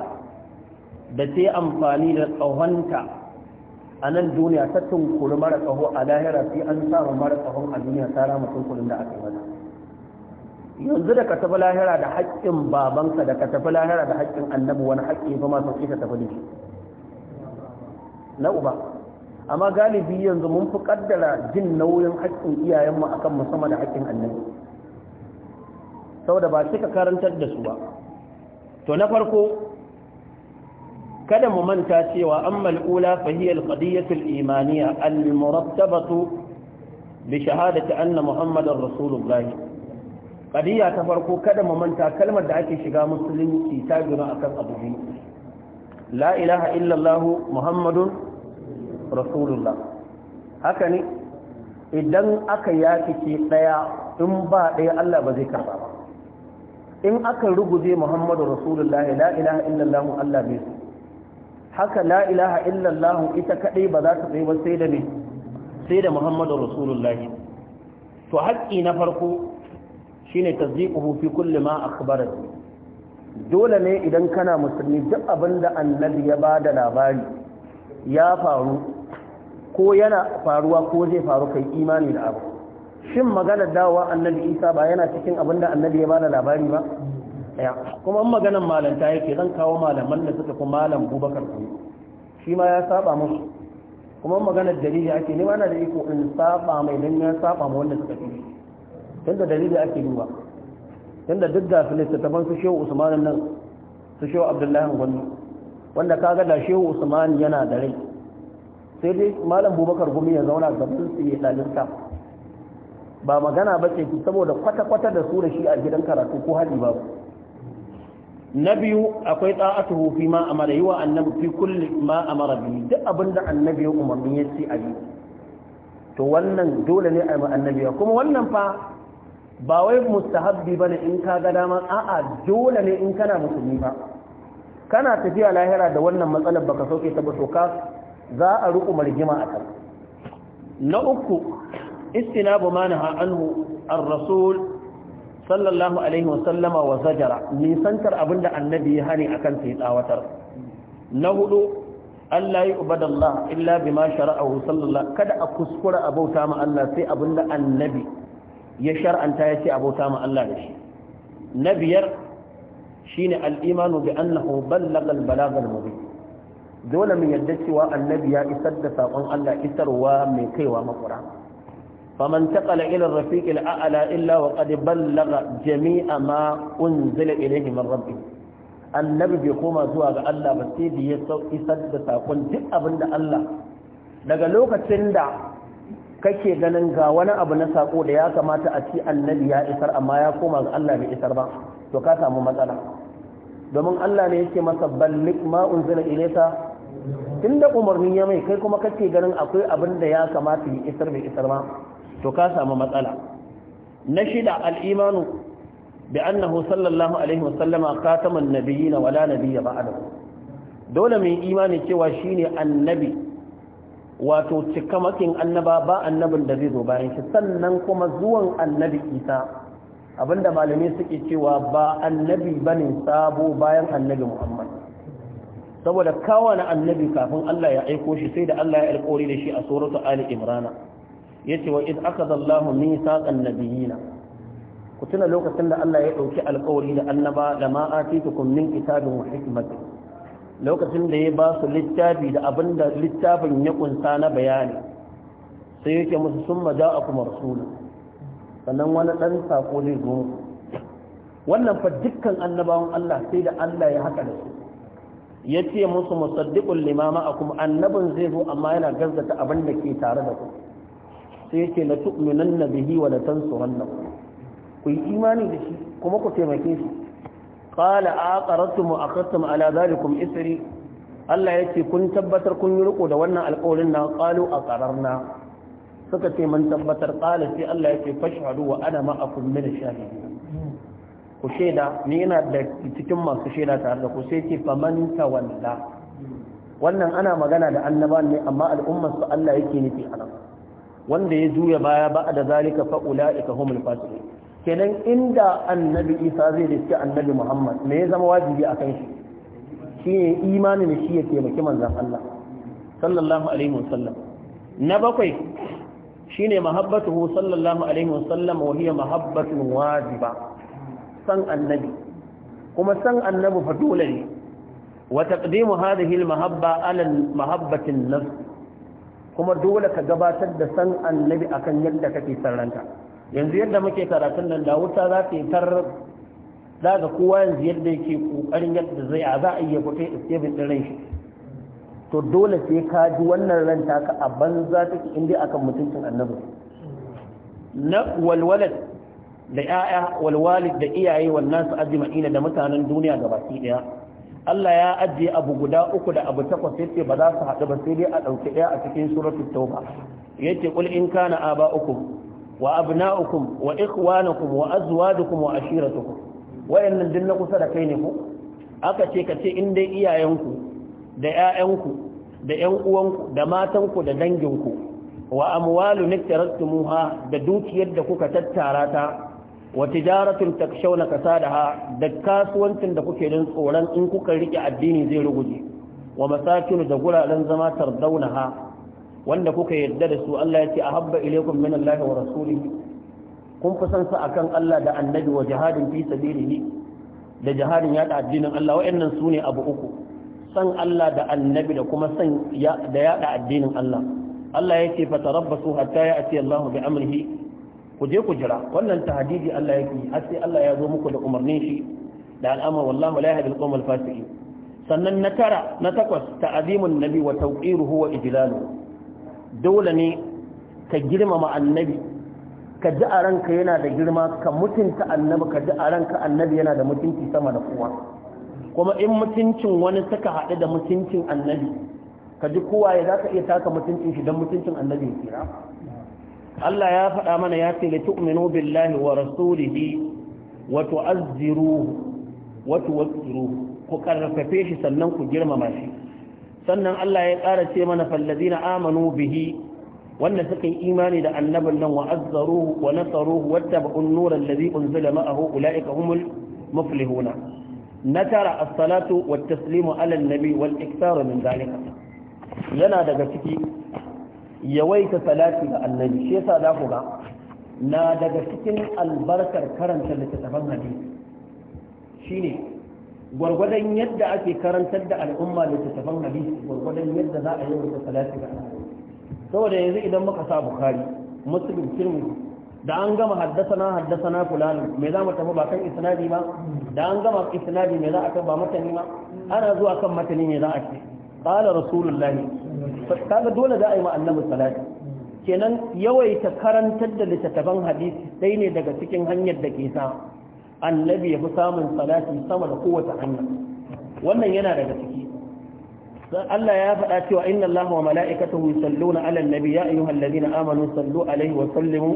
da ta amfani da tsahonta. a nan duniya ta tunkuri mara tsaho a lahira sai an samu mara tsahon a duniya ta rama tunkurin da aka yi mata yanzu da ka tafi lahira da haƙƙin babanka da ka tafi lahira da haƙƙin annabi wani haƙƙi ya ma sauƙi ka tafi da na uba amma galibi yanzu mun fi ƙaddara jin nauyin haƙƙin iyayenmu a akan musamman da haƙƙin annabi saboda ba shi ka karantar da su ba to na farko kada mu manta cewa ammal ula fa hiya al-qadiyyatu al-imaniyya al-murattabatu bi shahadati anna muhammadar rasulullah qadiyya ta farko kada mu manta kalmar da ake shiga musulunci ta gina akan abu biyu la ilaha illallahu muhammadun rasulullah haka ne idan aka yaki ke ɗaya, in ba ɗaya Allah ba zai karɓa ba in aka ruguje muhammadu rasulullahi la ilaha illallahu Allah bai haka la ilaha illallah ita kadai ba za ta tsaye ba sai da ne sai da muhammadu rasulullah to haƙƙi na farko shine tasdiquhu fi kulli ma akhbarat dole ne idan kana musulmi duk abinda annabi ya bada labari ya faru ko yana faruwa ko zai faru kai imani da abu shin maganar dawowa annabi isa ba yana cikin abinda annabi ya bada labari ba ɗaya kuma an maganan malanta yake zan kawo malaman da suka fi malam bubakar kuma shi ma ya saba musu kuma maganar dalili ake nema na da iko in saba mai don ya saba ma wanda suka fi tunda dalili ake duba tunda duk da su littattafan su shehu usmanin nan su shehu abdullahi gwani wanda ka ga da shehu usman yana da rai sai dai malam bubakar gumi ya zauna gaban su ya ɗalinta ba magana ba ce saboda kwata-kwata da su da shi a gidan karatu ko hali ku. na biyu akwai ta'atuhu fi ma amara yi wa annabi fi kulli ma amara bi duk abinda annabi ya umarni ya ce a yi to wannan dole ne a yi annabi kuma wannan fa ba wai mustahabbi bane in ka ga dama a'a dole ne in kana musulmi ba kana tafiya lahira da wannan matsalar baka sauke ta ba to ka za a ruku marjima a kan na uku istinabu ma anhu ar-rasul sallallahu alaihi wasallama wa zajara nisantar abinda annabi ya hani akan sai tsawatar na hudu Allah yi ubada illa bima shara'ahu sallallahu kada a kuskura abauta ma Allah sai abinda annabi ya shar'anta ya ce abauta ma Allah da shi na biyar shine al-imanu bi annahu ballagha al-balagha al-mubin dole mu yadda cewa annabi ya isar da sakon Allah isarwa mai kaiwa makura faman taqala ila ar-rafiq al-a'la illa wa qad ballagha jami'a ma unzila annabi bai koma zuwa ga Allah ba sai da ya isar da saƙon duk abin da Allah daga lokacin da kake ganin ga wani abu na sako da ya kamata a ci annabi ya isar amma ya koma ga Allah bai isar ba to ka samu matsala domin Allah ne yake masa ballik ma unzila ilayka tunda umarni ya mai kai kuma kake ganin akwai abin da ya kamata ya isar bai isar ba to ka samu matsala na shida al'imanu bi annahu sallallahu alaihi wasallama khataman nabiyina wala nabiyya ba'dahu dole mai imani cewa shine annabi wato cikamakin annaba ba annabin da zai zo bayan shi sannan kuma zuwan annabi isa abinda malamai suke cewa ba annabi bane sabo bayan annabi muhammad saboda kawana annabi kafin Allah ya aiko shi sai da Allah ya alƙawari da shi a suratu ali imrana yace wa id akada Allahu mithaqan nabiyina ku tuna lokacin da Allah ya dauki alƙawari da annaba da ma atitukum min kitabin wa hikmatin lokacin da ya ba su littafi da abinda littafin ya kunsa na bayani sai yake musu summa ja'akum rasulun sannan wani dan sako zai zo wannan fa dukkan annabawan Allah sai da Allah ya haka da su yace musu musaddiqul limama akum annabin zai zo amma yana gazzata abin da ke tare da ku sai na la tu'minanna bihi wa la tansuranna ku yi imani da shi kuma ku taimake shi qala aqartum wa aqadtum ala zalikum isri Allah yace kun tabbatar kun yi riko da wannan alƙawarin na qalu aqararna suka ce mun tabbatar qala sai Allah yace fashhadu wa ana ma'akum min shahidin ku shaida ni ina da cikin masu shaida tare da ku sai ce faman tawalla wannan ana magana da annaba ne amma al'ummar su Allah yake nufi nan. wanda ya juya baya ba da zalika fa ulaika humul fasiqun kenan inda annabi Isa zai riski annabi Muhammad me ya zama wajibi akan shi shine imanin shi ya taimaki manzon Allah sallallahu alaihi wasallam na bakwai shine mahabbatuhu sallallahu alaihi wasallam wa hiya mahabbatun wajiba san annabi kuma san annabi fa dole ne wa taqdimu hadhihi al mahabba ala al mahabbati an-nafs kuma dole ka gabatar da san annabi akan yadda kake sarranta yanzu yadda muke karatun nan da wuta za ta yi tar za ga kowa yanzu yadda yake kokarin yadda zai a za a iya fito escaping din shi to dole sai ka ji wannan ran taka a banza take inda akan mutuncin annabi na walwalad da 'ya'ya walwalid da iyaye wannan su ina da mutanen duniya gabaki daya Allah ya ajiye abu guda uku da abu takwas yace ba za su haɗu ba sai dai a ɗauki ɗaya a cikin suratul tauba yace kul in kana aba'ukum wa abna'ukum wa ikhwanukum wa azwajukum wa ashiratukum wayannan din na kusa da kai ne ku aka ce ka ce in dai iyayenku da ƴaƴanku da ƴan uwanku da matanku da danginku wa amwalu niktarastumuha da dukiyar da kuka tattara ta wa tijaratun na kasa da kasuwancin da kuke don tsoron in kuka rike addini zai ruguje wa masakin da guraren zama ha wanda kuka yarda da su Allah ya ce ahabba ilaykum min Allah wa rasulihi kun fi san sa akan Allah da annabi wa jihadin fi sabilihi da jihadin ya da addinin Allah wa'annan sune abu uku san Allah da annabi da kuma san da ya da addinin Allah Allah ya ce fatarabbasu hatta ya'ti Allah bi amrihi ku je ku jira wannan tahdidi Allah yake har sai Allah ya zo muku da umarnin shi da al'amma wallahu la yahdi al-qawm al-fasiqin sannan na tara na takwas ta'zimun nabi wa tawqiruhu wa ijlalu dole ne ka girmama annabi ka ji a ranka yana da girma ka mutunta annabi ka ji a ranka annabi yana da mutunci sama da kowa kuma in mutuncin wani suka haɗu da mutuncin annabi ka ji kowa ya za ka iya taka mutuncin shi don mutuncin annabi ya tsira Allah ya faɗa mana ya ce litu'minu billahi wa rasulihi wa tu'azziruhu wa ku karfafe shi sannan ku girmama shi sannan Allah ya ƙara ce mana fallazina amanu bihi wanda suka yi imani da annabin nan wa azzaruhu wa nasaruhu wattaba'un nura allazi unzila ma'ahu ulaika humul muflihuna natara as-salatu wat-taslimu ala an-nabi wal-iktaru min zalika yana daga ciki yawaita salati ga annabi shi yasa za ku ga na daga cikin albarkar karanta littattafan hadisi shine gwargwadon yadda ake karantar da al'umma littattafan hadisi gwargwadon yadda za a yawaita salati ga annabi saboda yanzu idan muka sa bukari muslim tirmidhi da an gama haddasana haddasana fulani me za mu tafi ba kan isnadi ba da an gama isnadi me za a kai ba matani ma ana zuwa kan matani me za a ce qala rasulullahi kaga dole za a yi ma annabi salati kenan yawaita karantar da littattafan hadisi dai ne daga cikin hanyar da ke sa annabi ya fi samun salati sama da kowace hanya wannan yana daga ciki Allah ya faɗa cewa inna Allah wa mala'ikatahu yusalluna 'alan nabi ya ayyuhallazina amanu sallu 'alaihi wa sallimu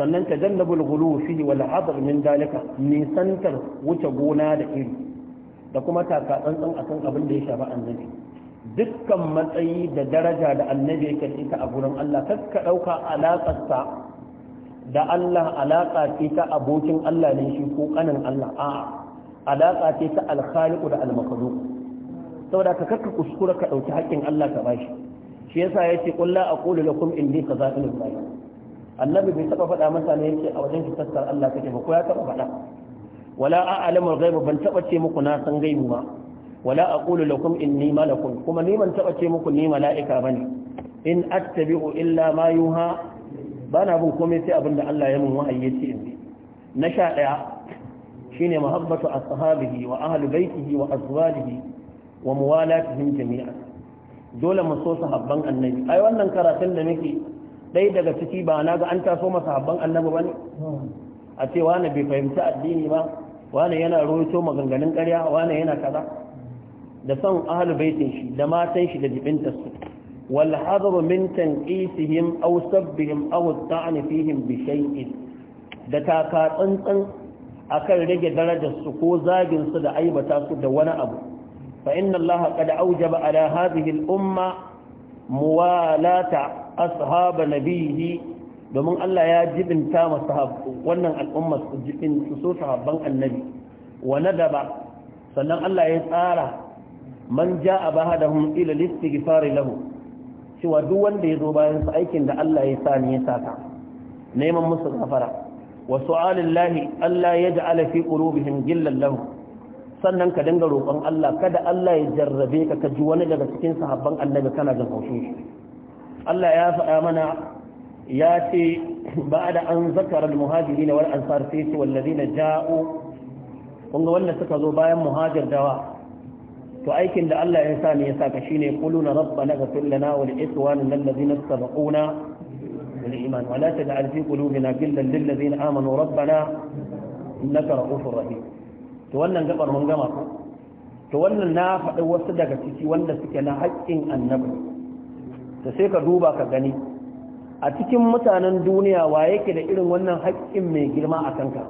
sannan tajannabul ghulu fihi wal hadar min dalika nisantar wuce gona da iri da kuma taka tsantsan akan abin da ya shafi annabi dukkan matsayi da daraja da annabi yake ci ta a gurin Allah kar ka dauka alaƙarsa da Allah alaƙa ce ta abokin Allah ne shi ko kanin Allah a'a alaƙa ce ta alkhaliqu da almakhluq saboda ka kuskura ka ɗauki haƙƙin Allah ka bashi shi yasa yace qul a aqulu lakum indi khaza'inul ghaib annabi bai taba faɗa masa ne a wajen fitar Allah kake ba ko ya taba faɗa wala a'lamu al-ghaiba ban taba ce muku na san gaibu ba wala a da in nima da kun kuma ni ban taba ce muku ni mala'ika ne. in attabi'u illa ma yuha bana bin komai sai abinda Allah ya mun wahayi ce in na sha daya shine mahabbatu sahabihi wa ahli baitihi wa azwajihi wa muwalatihim jami'a. dole mu so sahabban annabi ai wannan karatun da muke Ɗaya daga ciki ba na ga an taso masa masahabban annabi ne? Hmm. a cewa na bai fahimci addini ba wane yana rohoto maganganun ƙarya wane yana kaza da son ahalu baitin shi da matan shi da jibinta su wal hadaru min tanqisihim aw sabbihim aw ta'an fihim bi shay'in da taka tsantsan akan rage darajar su ko zagin su da aibata su da wani abu fa inna allaha qad awjaba ala hadhihi al umma muwalata ashab nabihi domin Allah ya jibinta ma wannan al'umma su jibin su so sahabban annabi wa nadaba sannan Allah ya tsara man da bahadahum ila listighfar lahu cewa duk wanda ya zo bayan su aikin da Allah ya sani ya saka neman musu gafara wa alillahi Allah ya ja'ala fi qulubihim gillan lahu sannan ka dinga roƙon Allah kada Allah ya jarrabe ka ka ji wani daga cikin sahabban annabi kana jin haushin shi Allah ya faɗa mana ya ce ba da an zakara muhajiri na wani ansar sai ce wallazi na ja'o kunga wanda suka zo bayan muhajir dawa to aikin da Allah ya sa ne ya saka shine quluna rabbana ghfir lana wa li na alladhina sabaquna bil iman wa la taj'al fi qulubina ghillan lil ladina amanu na innaka ra'ufur rabi. to wannan gabar mun gama ku? to wannan na faɗi wasu daga ciki wanda suke na haƙƙin annabi to sai ka duba ka gani a cikin mutanen duniya wa yake da irin wannan haƙƙin mai girma a kanka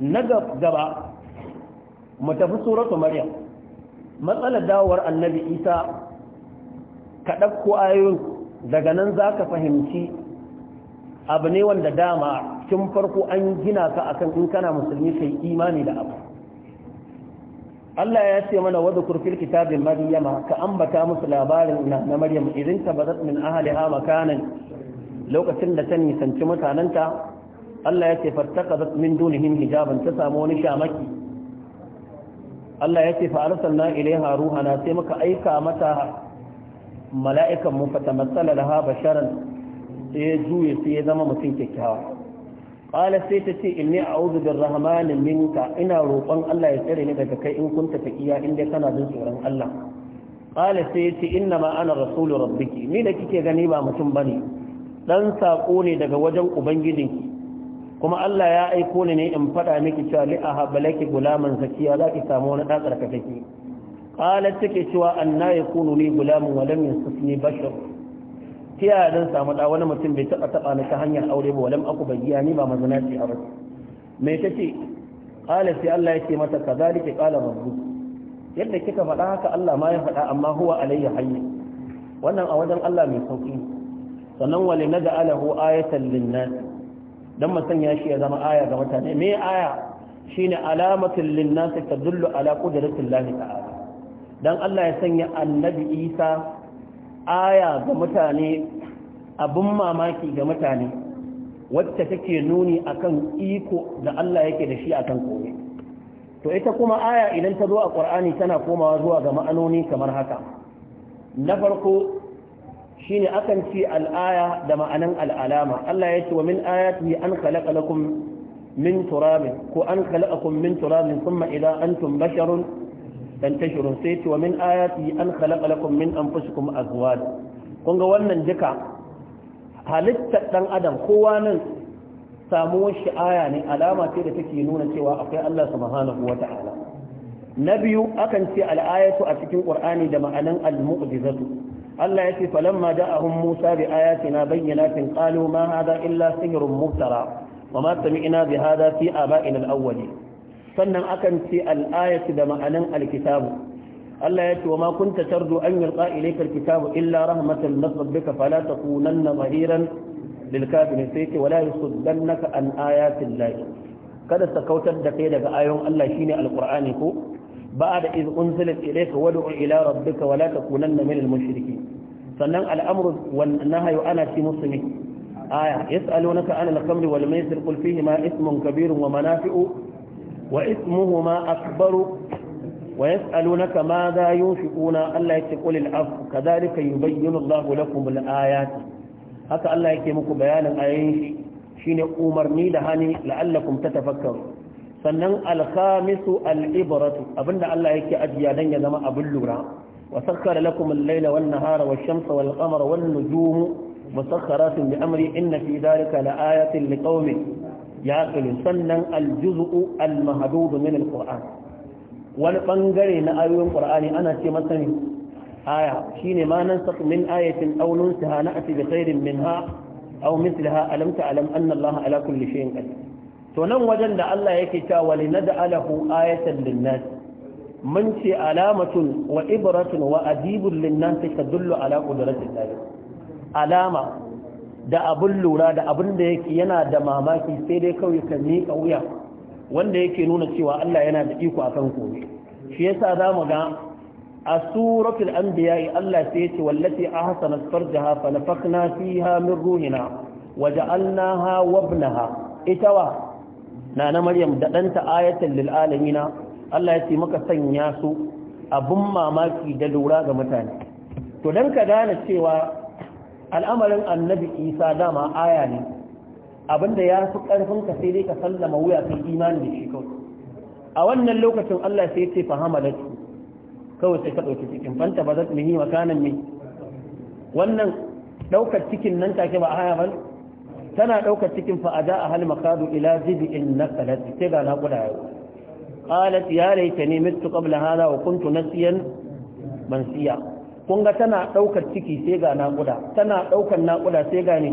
na gaba mu tafi suratu maryam matsalar dawowar annabi isa ka ɗauko ayoyin daga nan za ka fahimci abu ne wanda dama tun farko an gina ka akan in kana musulmi kai imani da abu Allah ya ce mana wadda kurfil kitabin Maryama ka ambata musu labarin na Maryam idan ta bazat min ahliha makanan lokacin da ta nisanci mutananta Allah ya ce fattaqadat min dunihim hijaban ta samu wani shamaki Allah ya ce fa arsalna ilaiha ruhana sai muka aika mata mala'ikan mu matsalar laha basharan sai ya juye sai ya zama mutum kyakkyawa qala sai ta ce inni a'udhu birrahmani minka ina roƙon Allah ya tsare ni daga kai in kun iya in inda kana jin tsoron Allah qala sai ta ce inna ma ana rasulu rabbiki ni da kike gani ba mutum bane dan sako ne daga wajen ubangijinki kuma Allah ya aiko ni ne in faɗa miki cewa li ahabalaki gulaman zakiya za ki samu wani ɗan tsarkakake qalat take cewa anna yakunu li gulamun wa lam yasfini bashar ta yaya zan samu da wani mutum bai taba taba ni ta hanyar aure ba walam aku bayya ni ba mazinaci a bai me ce, kala sai Allah ya yake mata kazalika qala rabbu yadda kika faɗa haka Allah ma ya faɗa amma huwa alayya hayy wannan a wajen Allah mai sauki sannan na wali naj'alahu ayatan linnas dan mu sanya shi ya zama aya ga mutane me aya shine alamatul linnas tadullu ala qudratillahi ta'ala dan Allah ya sanya annabi Isa aya ga mutane abin mamaki ga mutane wacce take nuni akan iko da Allah yake da shi akan komai to ita kuma aya idan ta zo a Qur'ani tana komawa zuwa ga ma'anoni kamar haka na farko shine akan ce al'aya da ma'anan al'alama Allah ya ce wa min ayatihi an khalaqa lakum min turabin ko an khalaqakum min turabin thumma idza antum basharun tantashirun sai ce wa min ayati an khalaqa lakum min anfusikum azwaj kun ga wannan duka halittar dan adam kowa nan samuwar shi'aya aya ne alama ce da take nuna cewa akwai Allah subhanahu wata'ala na biyu akan ce al'ayatu a cikin qur'ani da ma'anan al-mu'jizatu Allah ya ce falamma da'ahum Musa bi ayatina bayyinatin qalu ma hadha illa sihrun muftara wa ma sami'na bi hadha fi aba'ina al-awwalin sannan akan ce al'ayatu da ma'anan alkitabu Allah ya ce wa ma ta tardu an yulqa ilayka alkitabu illa rahmatan min rabbika fala takunanna zahiran lil kafirin sai ce wala yusaddannaka an ayatil lahi kada sa kautar da kai daga ayon Allah shi ne Alƙur'ani ko ba'da iz unzilat ilayka wad'u ila rabbika wala takunanna min almushrikin sannan al'amru wan nahyu ana ci muslimi aya yas'alunaka an al-khamri wal maisir qul fihi ma ismun kabirun wa manafi'u wa ismuhuma akbaru wa na ma za yunfiquna Allah yake qul kazalika af kadhalika yubayyinu Allahu lakum al haka Allah yake muku bayanin ayoyin shine umarni da hani la'allakum tatafakkaru sannan al-khamisu abinda Allah yake ajiya dan ya zama abin lura wa sakkara lakum al-laila wan-nahara wash-shamsa wal-qamara wan-nujumu musakkharatin bi amri inna fi dhalika la-ayatin liqaumin ya tsulu sannan aljuzu almahadudu min alquran wani bangare na ayoyin qur'ani ana ce masa ne aya shine ma nan sa min ayatin aw nunsaha na'ti bi khairin minha aw mithlaha alam ta'lam anna allaha ala kulli shay'in qadir to nan wajen da Allah yake da alahu ayatan linnas mun ce alamatun wa ibratun wa adibun linnas tadullu ala qudratillahi alama da abin lura da abin da yake yana da mamaki sai dai kawai ka miƙa wuya wanda yake nuna cewa Allah yana da iko akan komai shi yasa za mu ga a suratul anbiya Allah sai yace wallati ahsanat farjaha fa nafakna fiha min ruhina waja'alnaha wabnaha ita wa na maryam da danta ayatan lil alamin Allah ce muka sanya su abun mamaki da lura ga mutane to dan ka gane cewa al'amarin annabi isa dama aya ne abinda ya fi ƙarfin ka sai dai ka sallama wuya kai imanin da shi kawai a wannan lokacin Allah sai ce fahamalatu kawai sai ka ɗauki cikin fanta ba za ta mihi makanan mai wannan ɗaukar cikin nan take ba a haya ba tana ɗaukar cikin fa'ada a hal makadu ila zibi'in na kalati sai ga naƙuda yau qalat ya laita ne mitu qabla hada wa kuntu na nasiyan mansiya kun ga tana ɗaukar ciki sai ga naƙuda tana ɗaukar naƙuda sai ga ne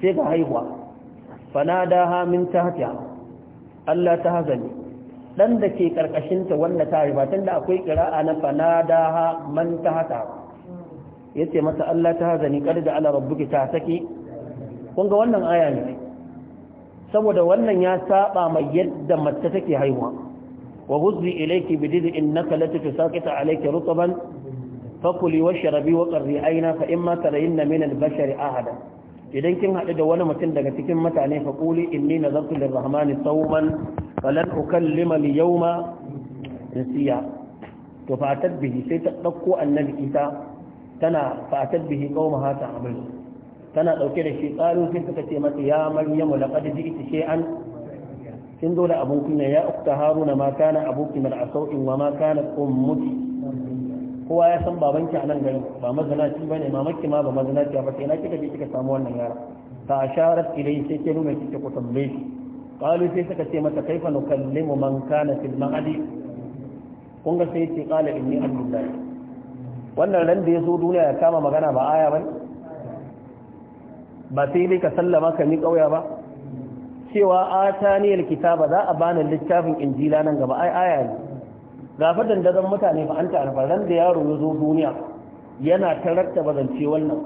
sai ga haihuwa fanada ha min tahtiha Allah ta hazani dan da ke karkashin ta wanda ta tun da akwai ƙira'a na fanada ha man tahta yace mata Allah ta hazani kar da ala rabbuki ta saki kun ga wannan aya ne saboda wannan ya saba mai yadda mace take haihuwa wa huzzi ilayki bididin innaka latifsaqita alayki rutban fakuli washe rabi wa qarri aina fa in imma tarayinna min al-bashari ahada idan kin haɗu da wani mutum daga cikin mutane fa kuli in ni na nazartu lir-rahmani sawman falan ukallima al-yawma nasiya to fa tabbihi sai ta ɗauko annabi isa tana fa tabbihi bihi qaumaha ta'amul tana dauke da shi tsarin sai suka ce mata ya maryamu laqad ji'ti shay'an kin zo da abun kunya ya ukta haruna ma kana abuki mar'asau'in wa ma kana ummuki kowa ya san babanki a nan garin ba mazanaci ba ne mamaki ma ba mazanaci ba sai na kika je kika samu wannan yara ta asharat ilai sai ke nuna kike ku tambaye shi qalu sai suka ce mata kaifa nukallimu man kana fil ma'adi kun ga sai ce qala inni abdullahi wannan ran da ya zo duniya ya kama magana ba aya ba ba sai dai ka sallama ka mi kauya ba cewa ataniyal kitaba za a bani littafin injila nan gaba ai aya ne ga fadan da zan mutane fa an ta'arfa ran da yaro ya zo duniya yana taratta bazance wannan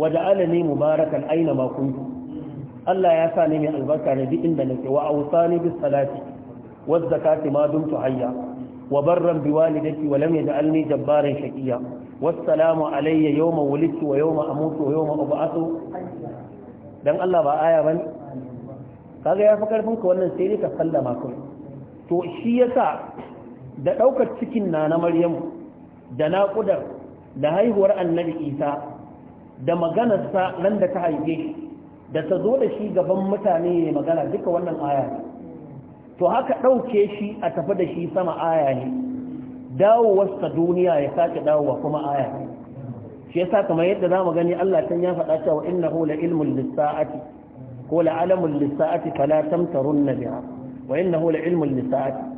waje alani mubarakan aina ma kuntu Allah ya sa ni mai albarka da duk inda nake wa awsani bis salati waz zakati ma dumtu hayya wa barran bi walidati wa lam yaj'alni jabbaran shaqiya wassalamu alayya yawma wulidtu wa yawma amutu wa yawma ub'athu dan Allah ba aya bane kaga ya fi karfin ka wannan sai ka sallama kai to shi yasa da ɗaukar cikin na na maryamu da naƙudar da haihuwar annabi isa da maganarsa nan da ta haife da ta zo da shi gaban mutane ne magana duka wannan aya ne to haka ɗauke shi a tafi da shi sama aya ne dawowarsa duniya ya sake dawowa kuma aya ne shi yasa kamar yadda za mu gani Allah tan ya faɗa cewa innahu la ilmul lisaati ko la alamul fala tamtarunna biha wa innahu la ilmul lisaati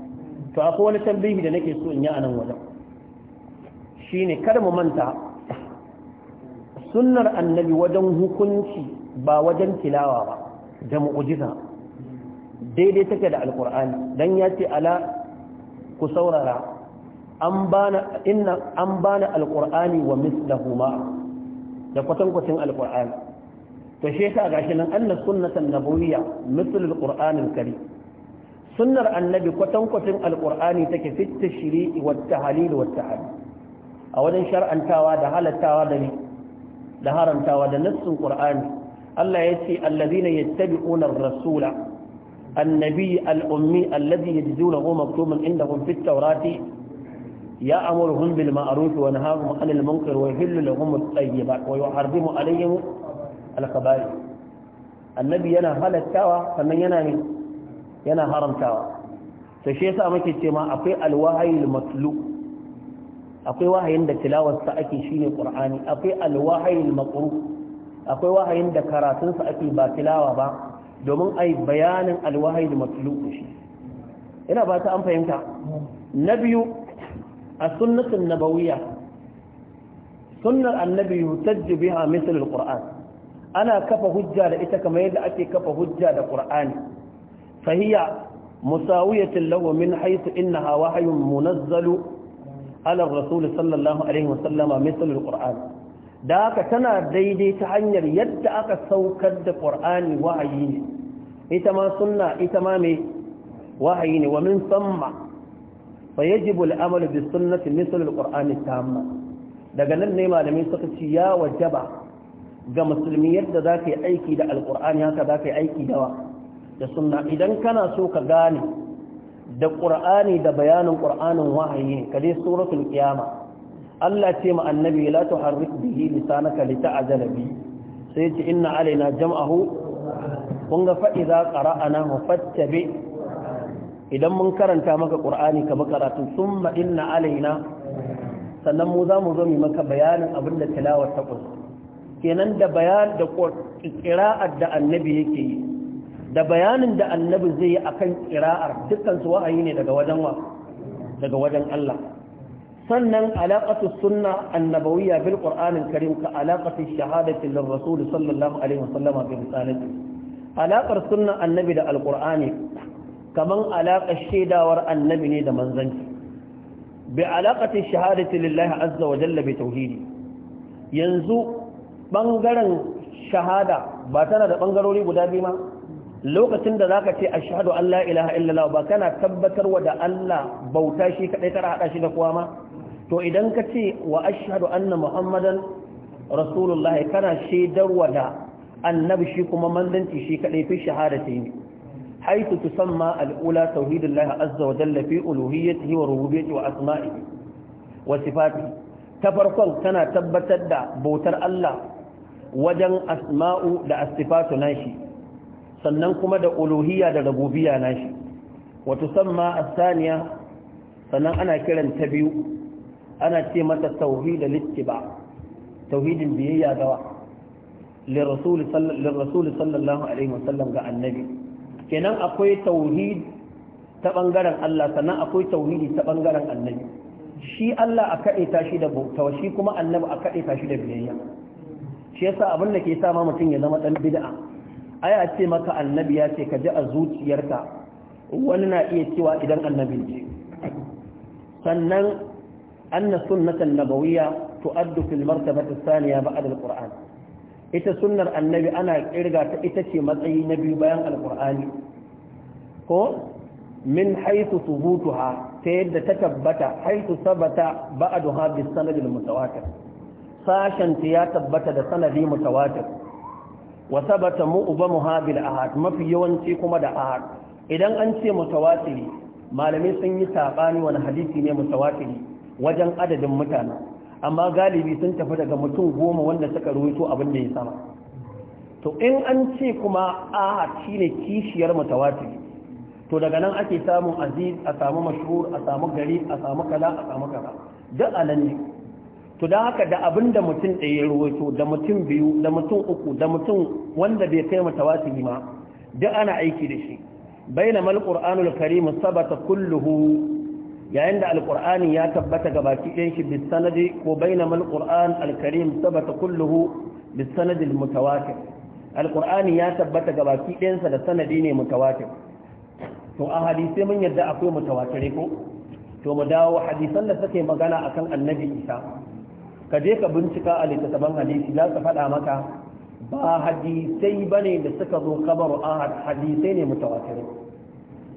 to akwai wani tambayi da nake so in yi a nan wajen shine kar mu manta sunnar annabi wajen hukunci ba wajen tilawa ba da mu'ujiza, daidai take da alkur'ani dan ya ce ala ku saurara an bana inna alkur'ani wa mislahu da kwatankwacin alkur'ani to shi gashi nan annas sunnatan nabawiyya mithl alqur'anil karim sunnar annabi kwatankwacin alkur'ani take fitta shiri'i wata halilu wata hali a wajen shar'antawa da halattawa da da harantawa da nassin ƙur'ani. Allah ya ce ya yattabi'una unar rasula annabi al'ummi ya ji al-ummi allazi yajidunahu maktuban indahum fit tawrati ya'muruhum bil ma'ruf wa yanhahum 'anil munkar wa yuhillu lahum at-tayyibat wa yuharrimu 'alayhim al-khaba'ith annabi yana halattawa sannan yana ne yana haramtawa sai shi yasa muke ce ma akwai alwahayil matlu akwai wahayin da tilawarsa ake shine qur'ani akwai alwahayil maqru akwai wahayin da karatunsa ake ba tilawa ba domin ai bayanin alwahayil matlu shi ina ba ta an fahimta na biyu a sunnatun nabawiyya sunnar annabi yutajji biha misal alquran ana kafa hujja da ita kamar yadda ake kafa hujja da qur'ani فهي مساوية له من حيث إنها وحي منزل على الرسول صلى الله عليه وسلم مثل القرآن ذاك تنا ديدي تحنير يد أكا سوكد قرآن وحيين إتما سنة إتما مي وحيين ومن ثم فيجب الأمل بالسنة مثل القرآن التامة daga nan ne malamin suka ci ya wajaba ga musulmi yadda za ka yi aiki da alkur'ani haka za ka yi aiki da wa da sunna idan kana so ka gane da qur'ani da bayanin ƙur'anin wahayi ka dai suratul kiyama Allah ce ma annabi la tuharrik bihi lisanaka lita'jala bi sai ce inna alaina jam'ahu kun ga fa idza qara'ana fattabi idan mun karanta maka qur'ani ka makaratu thumma inna alaina sannan mu za mu zo mu maka bayanin abin da tilawar ta kenan da bayan da ƙira'ar da annabi yake yi da bayanin da annabi zai yi akan kira'ar dukkan su wa'ayi ne daga wajen Allah sannan alaƙatu sunna annabawiyya bil qur'anin karim ka alaƙatu shahadati lir rasul sallallahu alaihi wasallam bi risalati alaƙar sunna annabi da Alƙur'ani kaman alaƙar shaidawar annabi ne da manzanci bi alaƙati shahadati lillahi azza wa jalla bi tauhidi yanzu ɓangaren shahada ba tana da ɓangarori guda biyu ma lokacin da zaka ce ashhadu an la ilaha illallah ba kana wa da Allah bauta shi kadai tara hada shi da kowa ma to idan ka ce wa ashhadu anna muhammadan rasulullah kana shaidarwa da annabi shi kuma mandanci shi kadai fi shahadati haitu tusamma al-ula tauhidullah azza wa jalla fi uluhiyyatihi wa rububiyyatihi wa asma'ihi wa sifatihi ta farkon kana tabbatar da bautar Allah wajen asma'u da astifatu nashi sannan kuma da uluhiyya da rububiyya nashi wa tusamma as-saniya sannan ana kiran ta biyu ana ce mata tauhid al-ittiba tauhidin biyayya gawa lirrasul sallallahu alaihi wasallam ga annabi kenan akwai tauhid ta bangaren Allah sannan akwai tauhidi ta bangaren annabi shi Allah a kaɗe shi da bauta shi kuma annabi a kaɗe shi da biyayya shi yasa abin da ke sa ma mutum ya zama dan bid'a aya ce maka annabi ya ce ka ji a zuciyarka wani na iya cewa idan annabin ce sannan anna sunnatan nabawiyya tu'addu fil martabati thaniya ba'da al-qur'an ita sunnar annabi ana kirga ta ita ce matsayi na biyu bayan al-qur'ani ko min haythu thubutuha ta yadda ta tabbata haythu sabata ba'daha bis sanad mutawatir sashen ta ya tabbata da sanadi mutawatir wa sabata uba muhabil ahad mafi yawanci kuma da ahad idan an ce mutawatiri malamai sun yi sabani wani hadisi ne mutawatiri wajen adadin mutane amma galibi sun tafi daga mutum goma wanda suka ruwaito abin da ya sama to in an ce kuma ahad shine kishiyar mutawatiri to daga nan ake samun aziz a samu mashhur a samu gari a samu kaza a samu kaza duk anan ne to don haka da abin da mutum ɗaya ya ruwaito da mutum biyu da mutum uku da mutum wanda bai kai mata wasu ma duk ana aiki da shi bayyana mal qur'anul karim sabata kulluhu yayin da Alƙur'ani ya tabbata ga baki ɗayan shi bis sanadi ko bayyana mal qur'an alkarim sabata kulluhu bis sanadi mutawatir Alƙur'ani ya tabbata ga baki ɗayan da sanadi ne mutawatir to a hadisai mun yadda akwai mutawatire ko to mu dawo hadisan da suke magana akan annabi isa ka je ka bincika a littattafan hadisi za ka faɗa maka ba hadisai ba ne da suka zo kamar ahad hadisai ne mutawatiri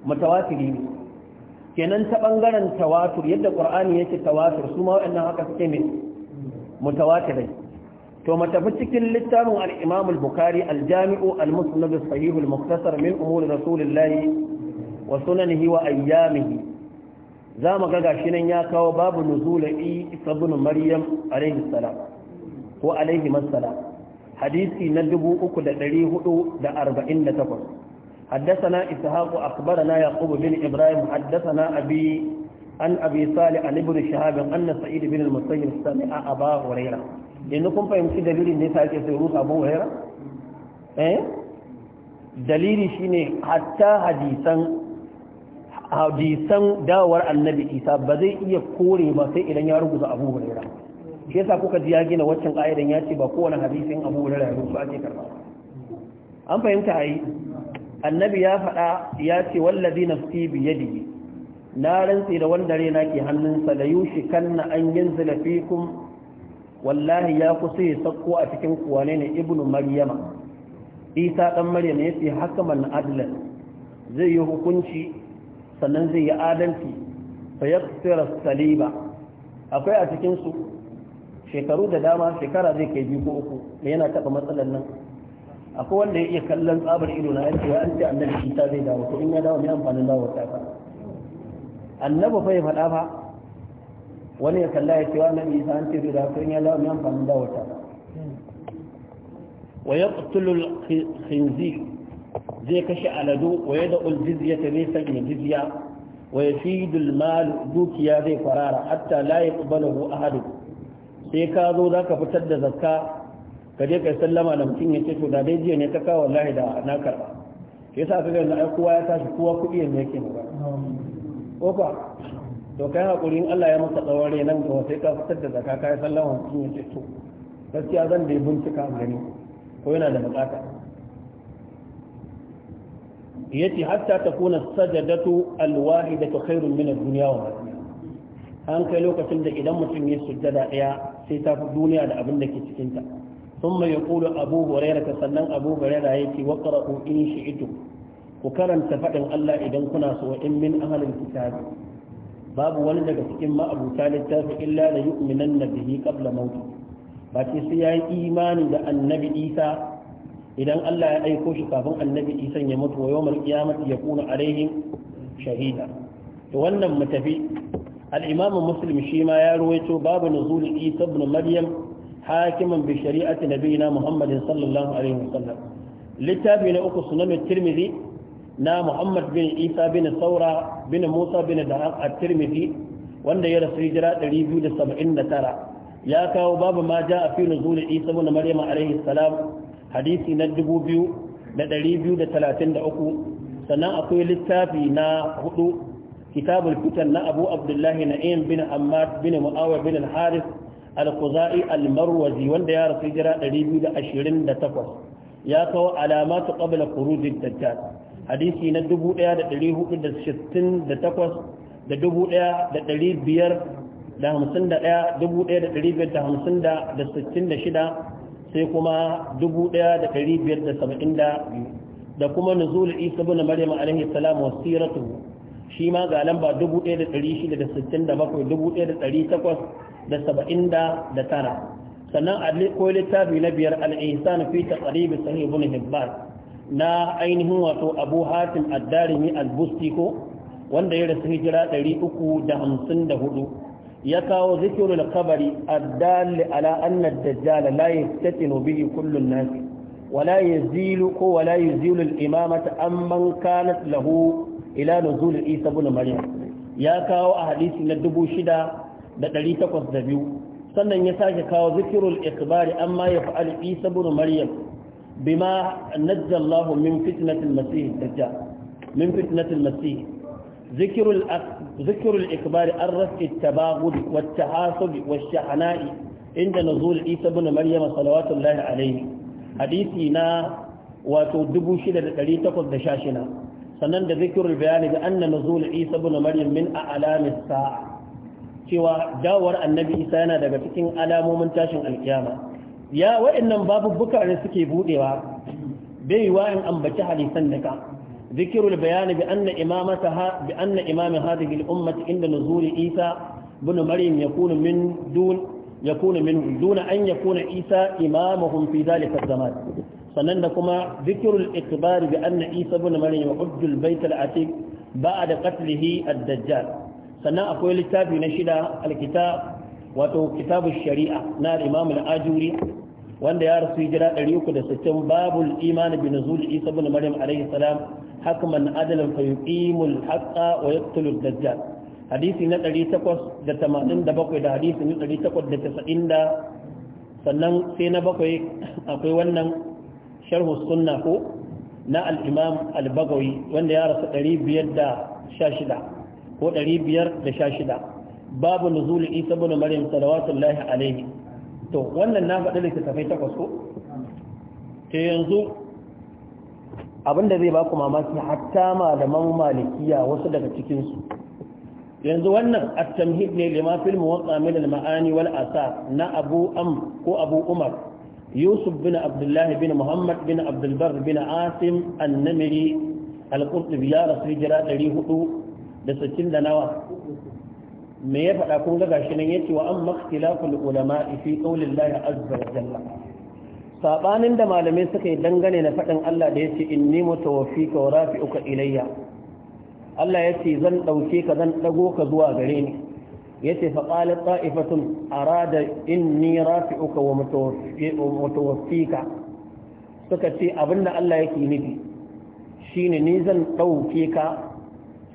mutawatiri ne kenan ta ɓangaren tawatur yadda ƙur'ani yake tawatur su ma waɗannan haka suke ne mutawatirai to matafi cikin littafin al'imamul al-bukhari al-jami'u al-musnad as min umur rasulillahi wa sunanihi wa ayyamihi za mu ga gashi nan ya kawo babu nuzula i sabbin maryam alayhi salam ko alayhi masalam hadisi na 3448 haddathana ishaqu akhbarana yaqub bin ibrahim haddathana abi an abi salih an ibn shahab an sa'id bin al-musayyib sami'a aba hurayra yanzu kun fahimci dalilin ne sai ke sai ruhu abu hurayra eh dalili shine hatta hadisan hadisan dawar annabi isa ba zai iya kore ba sai idan ya rubuta abu hurera shi yasa kuka ji ya gina waccan ƙa'idan ya ce ba kowane hadisin abu hurera ya rubuta ake karba an fahimta ai annabi ya faɗa ya ce wallazi nafsi bi yadihi na rantsi da wanda rena ke hannun sa da yushi kanna an yanzila fikum wallahi ya kusa ya sakko a cikin kuwane ne ibnu maryama isa dan maryam yace ce hakaman adlan zai yi hukunci sannan zai yi adalci fa yaktira saliba akwai a cikinsu shekaru da dama shekara zai kai biyu ko uku da yana taɓa matsalar nan akwai wanda ya iya kallon tsabar ido na yanci ya an ce annabi shi ta zai dawo to in ya dawo ne amfanin dawo ta fa annabi fa ya faɗa fa wani ya kalla ya ce wa annabi isa an ce zai dawo to in ya dawo ne amfanin dawo ta fa wa yaqtulu al-khinzir zai kashe aladu wa yada ul ta ne sanya jizya wa fi al dukiya zai farara hatta la yaqbalu hadu sai ka zo zaka fitar da zakka ka je kai sallama da mutum ya ce to da dai jiya ne ka kawo wallahi da na karba yasa kaga yanzu ai kowa ya tashi kowa kudi yanzu yake magana ko fa to kai in Allah ya maka tsawon rai nan ga sai ka fitar da zakka kai sallama mutum ya ce to gaskiya zan da bincika gani ko yana da bukata yace hatta takuna sajadatu alwahidatu da min ad duniya wa an kai lokacin da idan mutum ya sujjada ɗaya sai ta fi duniya da abin da ke cikinta. sun mai yaqulu abu hurairah sannan abu hurairah yace waqra'u in shi'tu ku karanta faɗin Allah idan kuna so in min ahlil kitab babu wani daga cikin ma'abuta littafi illa da yu'minanna bihi qabla mauti ba sai yayi imani da annabi Isa idan Allah ya aiko shi kafin annabi isan ya mutu wa yawmal qiyamati yakunu alaihim shahida to wannan mu tafi al-imamu muslim shi ma ya ruwaito babu nuzul isa ibn maryam hakiman bi shari'ati nabiyina muhammadin sallallahu alaihi wasallam littafi na uku sunan tirmidhi na muhammad bin isa bin saura bin musa bin da'aq at-tirmidhi wanda ya rasu hijira 279 ya kawo babu ma ja'a fi nuzul isa ibn maryam alaihi salam hadisi na 2233 sannan akwai littafi na hudu kitabul fitan na abu abdullahi na'im bin ammar bin mu'awar bin al-haris al-khuzai al-marwazi wanda ya rasu jira 228 ya kawo alamatu qabla khurujid dajjal hadisi na 1468 da 1551 da 1556 sai kuma 1572 da kuma nuzul isa ibn maryam alaihi salam wa siratu shi ma ga lamba 1667 tara sannan akwai littafi na biyar al-ihsan fi taqrib sahih ibn hibban na ainihin wato abu hatim ad-darimi al-busti ko wanda ya rasu hijira 354 ya kawo zikirul kabari addalli ala anna dajjal la yastatinu bihi kullu an-nas wala yazilu ko wala yazilu al-imamata amman kanat lahu ila nuzul isa ibn maryam ya kawo a hadisi na 6802 sannan ya sake kawo zikirul ikbari amma ya fa'al isa ibn maryam bima najja Allah min fitnatil masih ذكر الإكبار عن رفع التباغض والتحاسب والشحناء عند نزول عيسى بن مريم صلوات الله عليه حديثنا وتدبو شدة قريتك الدشاشنا sannan da zikirul bayani da anna nuzul Isa ibn Maryam min a'lamis sa'a cewa dawar annabi Isa yana daga cikin alamomin tashin alkiyama ya waɗannan babu ne suke buɗewa? bai wa in ambaci hadisan da ka ذكر البيان بأن إمامتها بأن إمام هذه الأمة عند نزول عيسى بن مريم يكون من دون يكون من دون أن يكون عيسى إمامهم في ذلك الزمان سننكما ذكر الإخبار بأن عيسى بن مريم حج البيت العتيق بعد قتله الدجال سنة أقول الكتاب نشد الكتاب وتو كتاب الشريعة نار إمام الآجوري wanda ya rasu hijira 360 babul iman bi nuzul isa ibn maryam alayhi salam hakman adalan fa yuqimul haqa wa yaqtulu ad-dajjal hadisi na 887 da hadisi na 890 sannan sai na bakwai akwai wannan sharhu sunna ko na al-imam al-bagawi wanda ya rasu 516 ko 516 babu nuzul isa ibn maryam sallallahu alaihi to wannan na faɗi littattafai takwas ko ke yanzu abinda zai baku mamaki hatta malaman malikiya wasu daga cikinsu yanzu wannan at ne lima fil muwatta min al-ma'ani wal na abu am ko abu umar yusuf bin Abdullahi, bin muhammad bin abdulbar bin asim an-namiri al-qurtubi ya rasul jira 400 da 60 da nawa me ya faɗa kun ga gashi nan yace wa an makhtilaful ulama fi qaulillahi azza wa jalla sabanin da malamai suka yi dangane na faɗin Allah da yace inni mutawaffika wa rafi'uka ilayya Allah yace zan dauke ka zan dago ka zuwa gare ni yace fa qalat ta'ifatun arada inni rafi'uka wa mutawaffika suka ce abinda Allah yake nufi shine ni zan dauke ka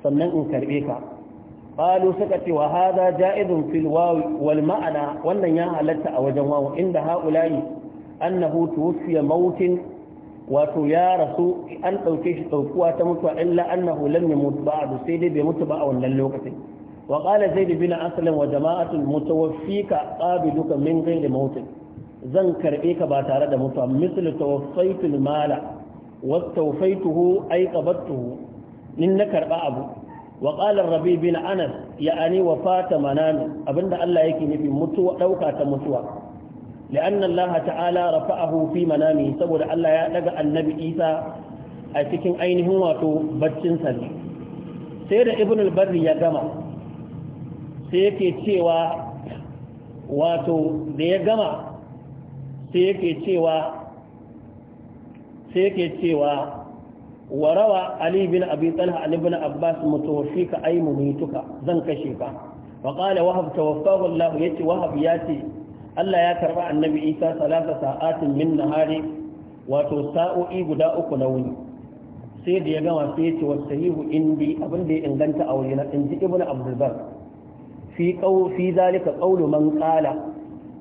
sannan in karbe ka qalu suka ce wahala hadha ja'izun fil wawi wannan ya halatta a wajen wawu inda haula'i annahu tuwfiya mautin wato ya rasu an dauke shi daukuwa ta mutuwa illa annahu lam yamut ba'du sai dai bai mutu ba a wannan lokacin wa qala zaid bin aslam wa jama'atul mutawaffika qabiluka min zan karbe ka ba tare da mutuwa mislu tawaffaitul mala wa tawfaituhu ay qabattuhu nin na karba abu wa ƙalar rabi bin anas ya ani wa fata manami abinda Allah yake nufin mutuwa ɗauka ta mutuwa la'anna Allah ta'ala rafa'ahu fi manami saboda Allah ya daga annabi Isa a cikin ainihin wato baccin sa ne sai da ibn al ya gama sai da ya gama sai yake cewa sai cewa warawa ali bin abi talha ali bin abbas mutawaffi ka ai mumituka zan kashe ka wa qala wahab tawaffahu allah yati wahab yati allah ya karba annabi isa salasa sa'atin min nahari wato sa'o'i guda uku na wuni sai da ya gama sai yace wasahihu indi abin da ya inganta a wajena in ji ibnu abdul bar fi qawl fi zalika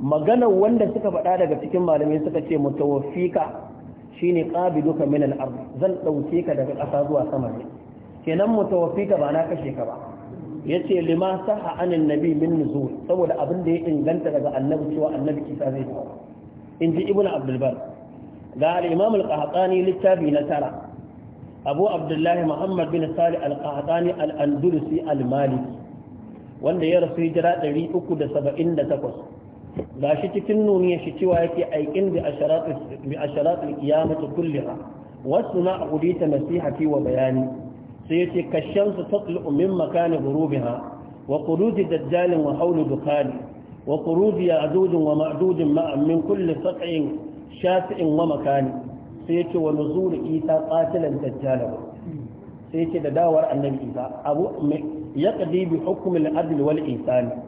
maganar wanda suka faɗa daga cikin malamai suka ce mutawaffika shine qabiduka min al-ard zan dauke ka daga ƙasa zuwa sama ne kenan mutawaffika ba na kashe ka ba yace lima saha anan nabi min nuzul saboda abin da ya inganta daga annabi cewa annabi kisa zai dawo inji ibn abdul bar ga al-imam al-qahtani littafi na tara abu abdullahi muhammad bin sali al-qahtani al-andalusi al-maliki wanda ya rasu hijira 378 ga shi cikin nuniya shi cewa yake aikin bi asharatul qiyamati kulliha wasu na ta nasihati wa bayani sai yace kashamsu tatlu min makani ghurubiha wa quruji dajjalin wa hawlu dukani wa ya ya'duj wa ma'duj ma'a kulle kulli saqin shafi'in wa makani sai yace wa nuzul isa qatilan dajjala sai yace da dawar annabi isa abu yaqdi bi hukumin al-adl wal ihsan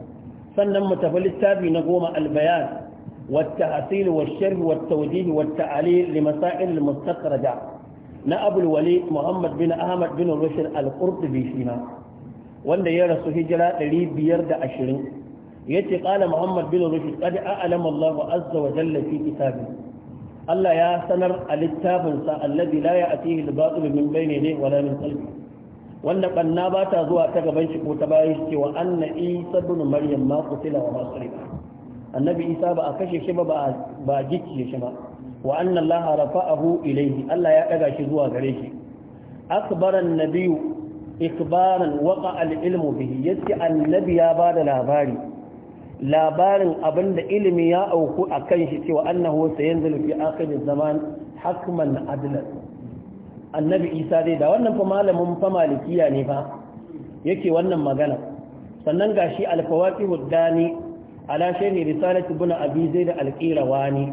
sannan mu tafi littafi na goma albayan والتأصيل والشرح والتوجيه والتعليل masail المستخرجة na abul wali muhammad bin ahmad bin rushd al-qurtubi shi wanda ya rasu hijira 520 yace qala muhammad bin rushd qad a'lama allah azza wa jalla fi kitabi allah ya sanar a littafin sa alladhi la ya'tihi al-batil min bayni yadayhi wala min khalfihi wanda ƙanna ba ta zuwa ta gaban shi ko ta bayan shi cewa anna isa ibn maryam ma qutila wa ma suliba annabi isa ba a kashe shi ba ba a gicciye shi ba wa rafa abu ilaihi ilayhi allah ya ɗaga shi zuwa gare shi na biyu ikbaran waka al-ilmu ya ce annabi ya bada labari labarin abinda ilimi ya auku kan shi cewa annahu sayanzilu fi akhir zaman hakman adalar. annabi isa dai da wannan fa malamin fa malikiya ne fa yake wannan magana sannan gashi alfawatihud dani ala shaykh risalat ibn abi zaid al-qirawani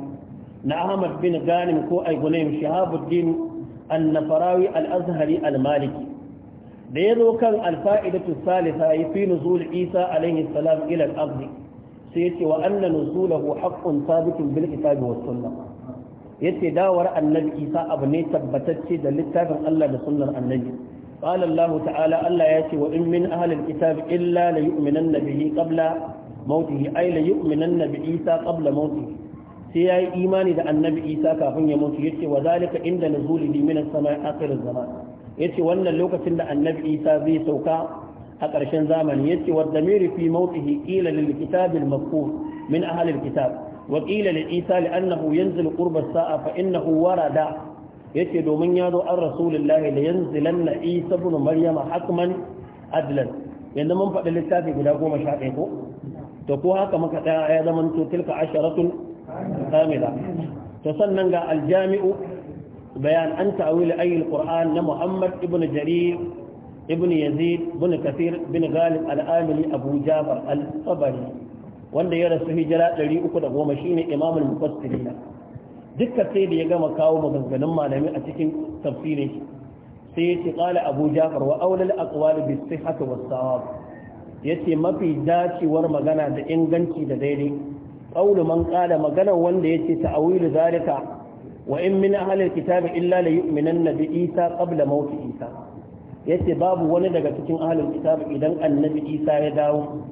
na ahmad bin ghanim ko aygunaym shahabuddin an-nafarawi al-azhari al-maliki da yazo kan al-fa'idatu salisa fi nuzul isa alayhi salam ila al-ardh sai yace wa anna nuzulahu haqqun thabitun bil kitabi was sunnah yace dawar annabi isa abu ne tabbatacce da littafin Allah da sunnar annabi qala Allah ta'ala Allah yace wa in min ahli alkitab illa la yu'minanna qabla mautihi ay la yu'minanna bi isa qabla mautihi sai yayi imani da annabi isa kafin ya mutu yace wa zalika inda nuzulihi min as-sama'i akhir az-zaman yace wannan lokacin da annabi isa zai sauka a karshen zamani yace wa damiru fi mautihi qila lil kitab al-mafhum min ahli alkitab وقيل لعيسى لأنه ينزل قرب الساعة فإنه ورد يتي دومن يادو عن رسول الله لينزلن عيسى بن مريم حكما عدلا عندما من فعل الكتاب يقول لكم مشاعركم تقوها كما قد أيضا من تلك عشرة كاملة تصنن الجامع بيان أن تأويل أي القرآن لمحمد ابن جرير ابن يزيد بن كثير بن غالب الآملي أبو جابر الصبري wanda ya rasu hijira 310 shine imamul mufassirin dukkan sai da ya gama kawo maganganun malami a cikin tafsirin sai ya ce qala abu jafar wa awlal aqwal bis sihhati was sawab yace mafi dacewar magana da inganci da daidai qawlu man qala magana wanda yace tawilu zalika wa in min ahli alkitab illa la yu'minanna bi isa qabla mawt isa yace babu wani daga cikin ahli kitab idan annabi isa ya dawo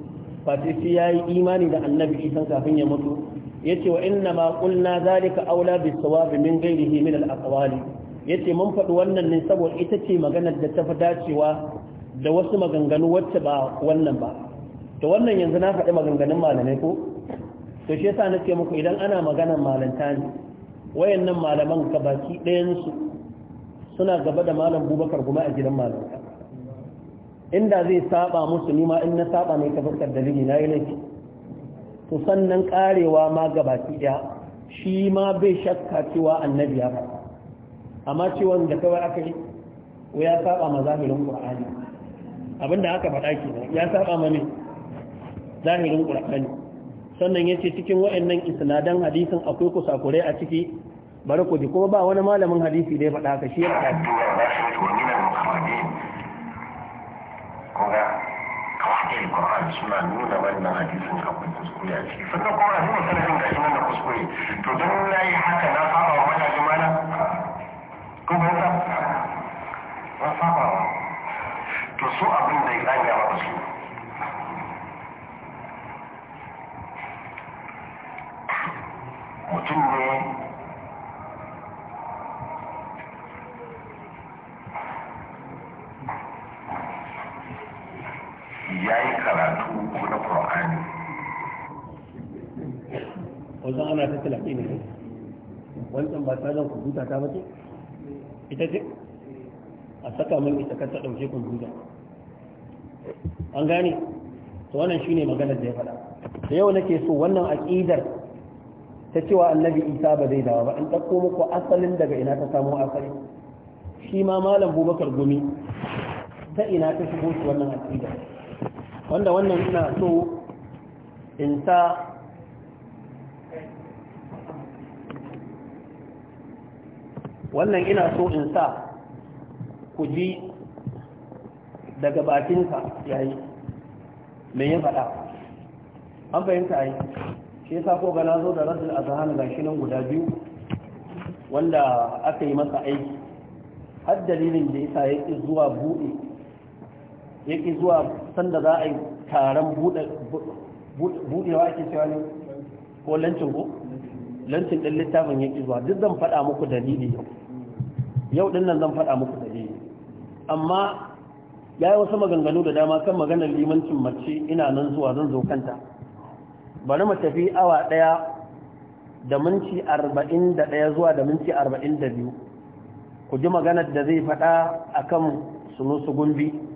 face sai yayi imani da annabi isan kafin ya mutu ya ce wa inna ma qulna zalika aula bisawabi min ghairihi min al ya ce mun faɗi wannan ne saboda ita ce maganar da ta fi dacewa da wasu maganganu wacce ba wannan ba to wannan yanzu na faɗi maganganun malamai ko to shi yasa nake muku idan ana maganar malanta ne wayannan malaman gabaki ɗayan su suna gaba da malam Bubakar kuma a gidan malanta inda zai saba musu nima in na saba mai ta fuskar dalili na yi laifi to sannan karewa ma gabaki ɗaya shi ma bai shakka cewa annabi ya faɗa amma ciwon da kawai aka yi ya saba ma zahirin qur'ani abinda aka faɗa nan ya saba ma ne zahirin qur'ani sannan yace cikin wayannan isnadan hadisin akwai kusakurai a ciki bari ku ji kuma ba wani malamin hadisi da ya faɗa ka shi ya faɗa kuma kawai suna nuna wannan hadisin akwai kuskure a ciki sannan kuma a gashi nan da kuskure to don na yi haka na saba wa mutane mana na saba wa to su abin da ya su mutum ne ya yi karatu na ƙwa'ani wajen ana ta talafi ne wancan ba ta zan kubuta ta mace ita ce a saka min ita kan ta ɗauke kwamfuta an gane to wannan shine maganar da ya faɗa da yau nake so wannan aƙidar ta cewa annabi isa ba zai dawo ba An ɗauko muku asalin daga ina ta samu asali shi ma malam bubakar gumi ta ina ta shigo shi wannan aƙidar wanda wannan ina so in sa wannan ina so in sa ku ji daga bakinsa yayi me ya faɗa an fahimta ai shi yasa ko ga nazo da rasul azhan gashi nan guda biyu wanda aka yi masa aiki har dalilin da yasa yake zuwa buɗe yake zuwa sanda za a yi taron buɗewa ake cewa ne ko lancin ko lancin ɗin littafin ya zuwa duk zan faɗa muku dalili yau yau ɗin nan zan faɗa muku dalili amma ya yi wasu maganganu da dama kan maganar limancin mace ina nan zuwa zan zo kanta bari mu tafi awa ɗaya da minti arba'in da ɗaya zuwa da minti arba'in da biyu ku ji maganar da zai faɗa akan kan sunusu gumbi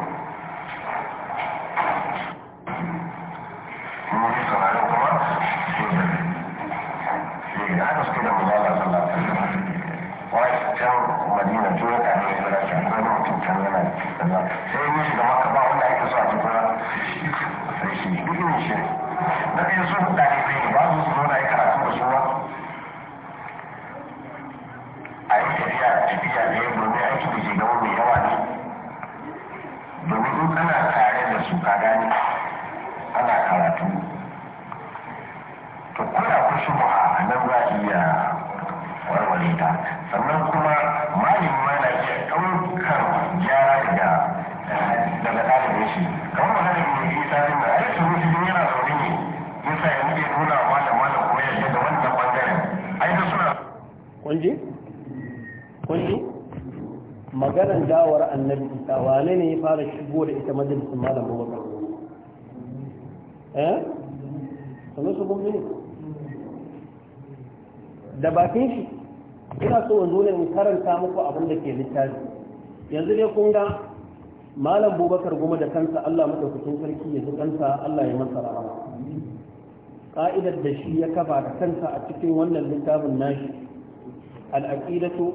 sauraron kuma ne haka suke da mazala sallallahu alaihi wasallam wai can madina tun ya kare shi da da sai wanda ake a duk ne shi na fara shigo da ita majalisun malam babakar eh su ne da bakin shi ina so wanzu ne in karanta muku abin da ke littafi yanzu dai kun ga malam bubakar goma da kansa allah maɗaukakin sarki ya ji kansa allah ya masa rahama ƙa'idar da shi ya kafa da kansa a cikin wannan littafin nashi al'aƙidatu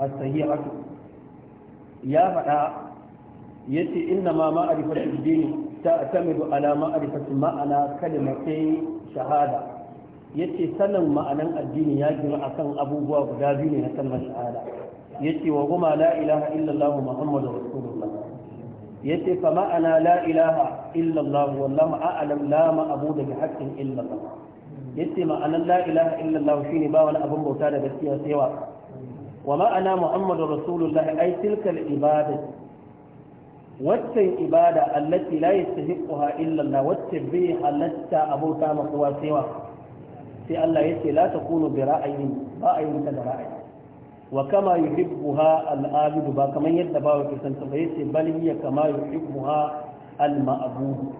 as-sahihatu ya faɗa yace inna ma ma'rifatu dini ta'tamidu ala ma'rifati ma'ana kalimati shahada yace sanin ma'anan addini ya jira akan abubuwa guda biyu ne na kalmar shahada yace wa huma la ilaha illa Allah muhammadur rasulullah yace fa ma'ana la ilaha illa Allah wallahu a'lam la ma'budu bi haqqin illa Allah yace ma'anan la ilaha illa Allah shine ba wani abun bauta da gaskiya sai wa wa ma'ana muhammadur rasulullah ai tilkal ibadatu waccan ibada allati la yastahiquha illa Allah wacce bai halatta abota ma kowa sai sai Allah yace la takunu bi ra'ayin ba ayin ta da ra'ayi wa kama yuhibbuha al-abid ba kaman yadda ba wake san ta yace bal hiya kama yuhibbuha al-ma'bud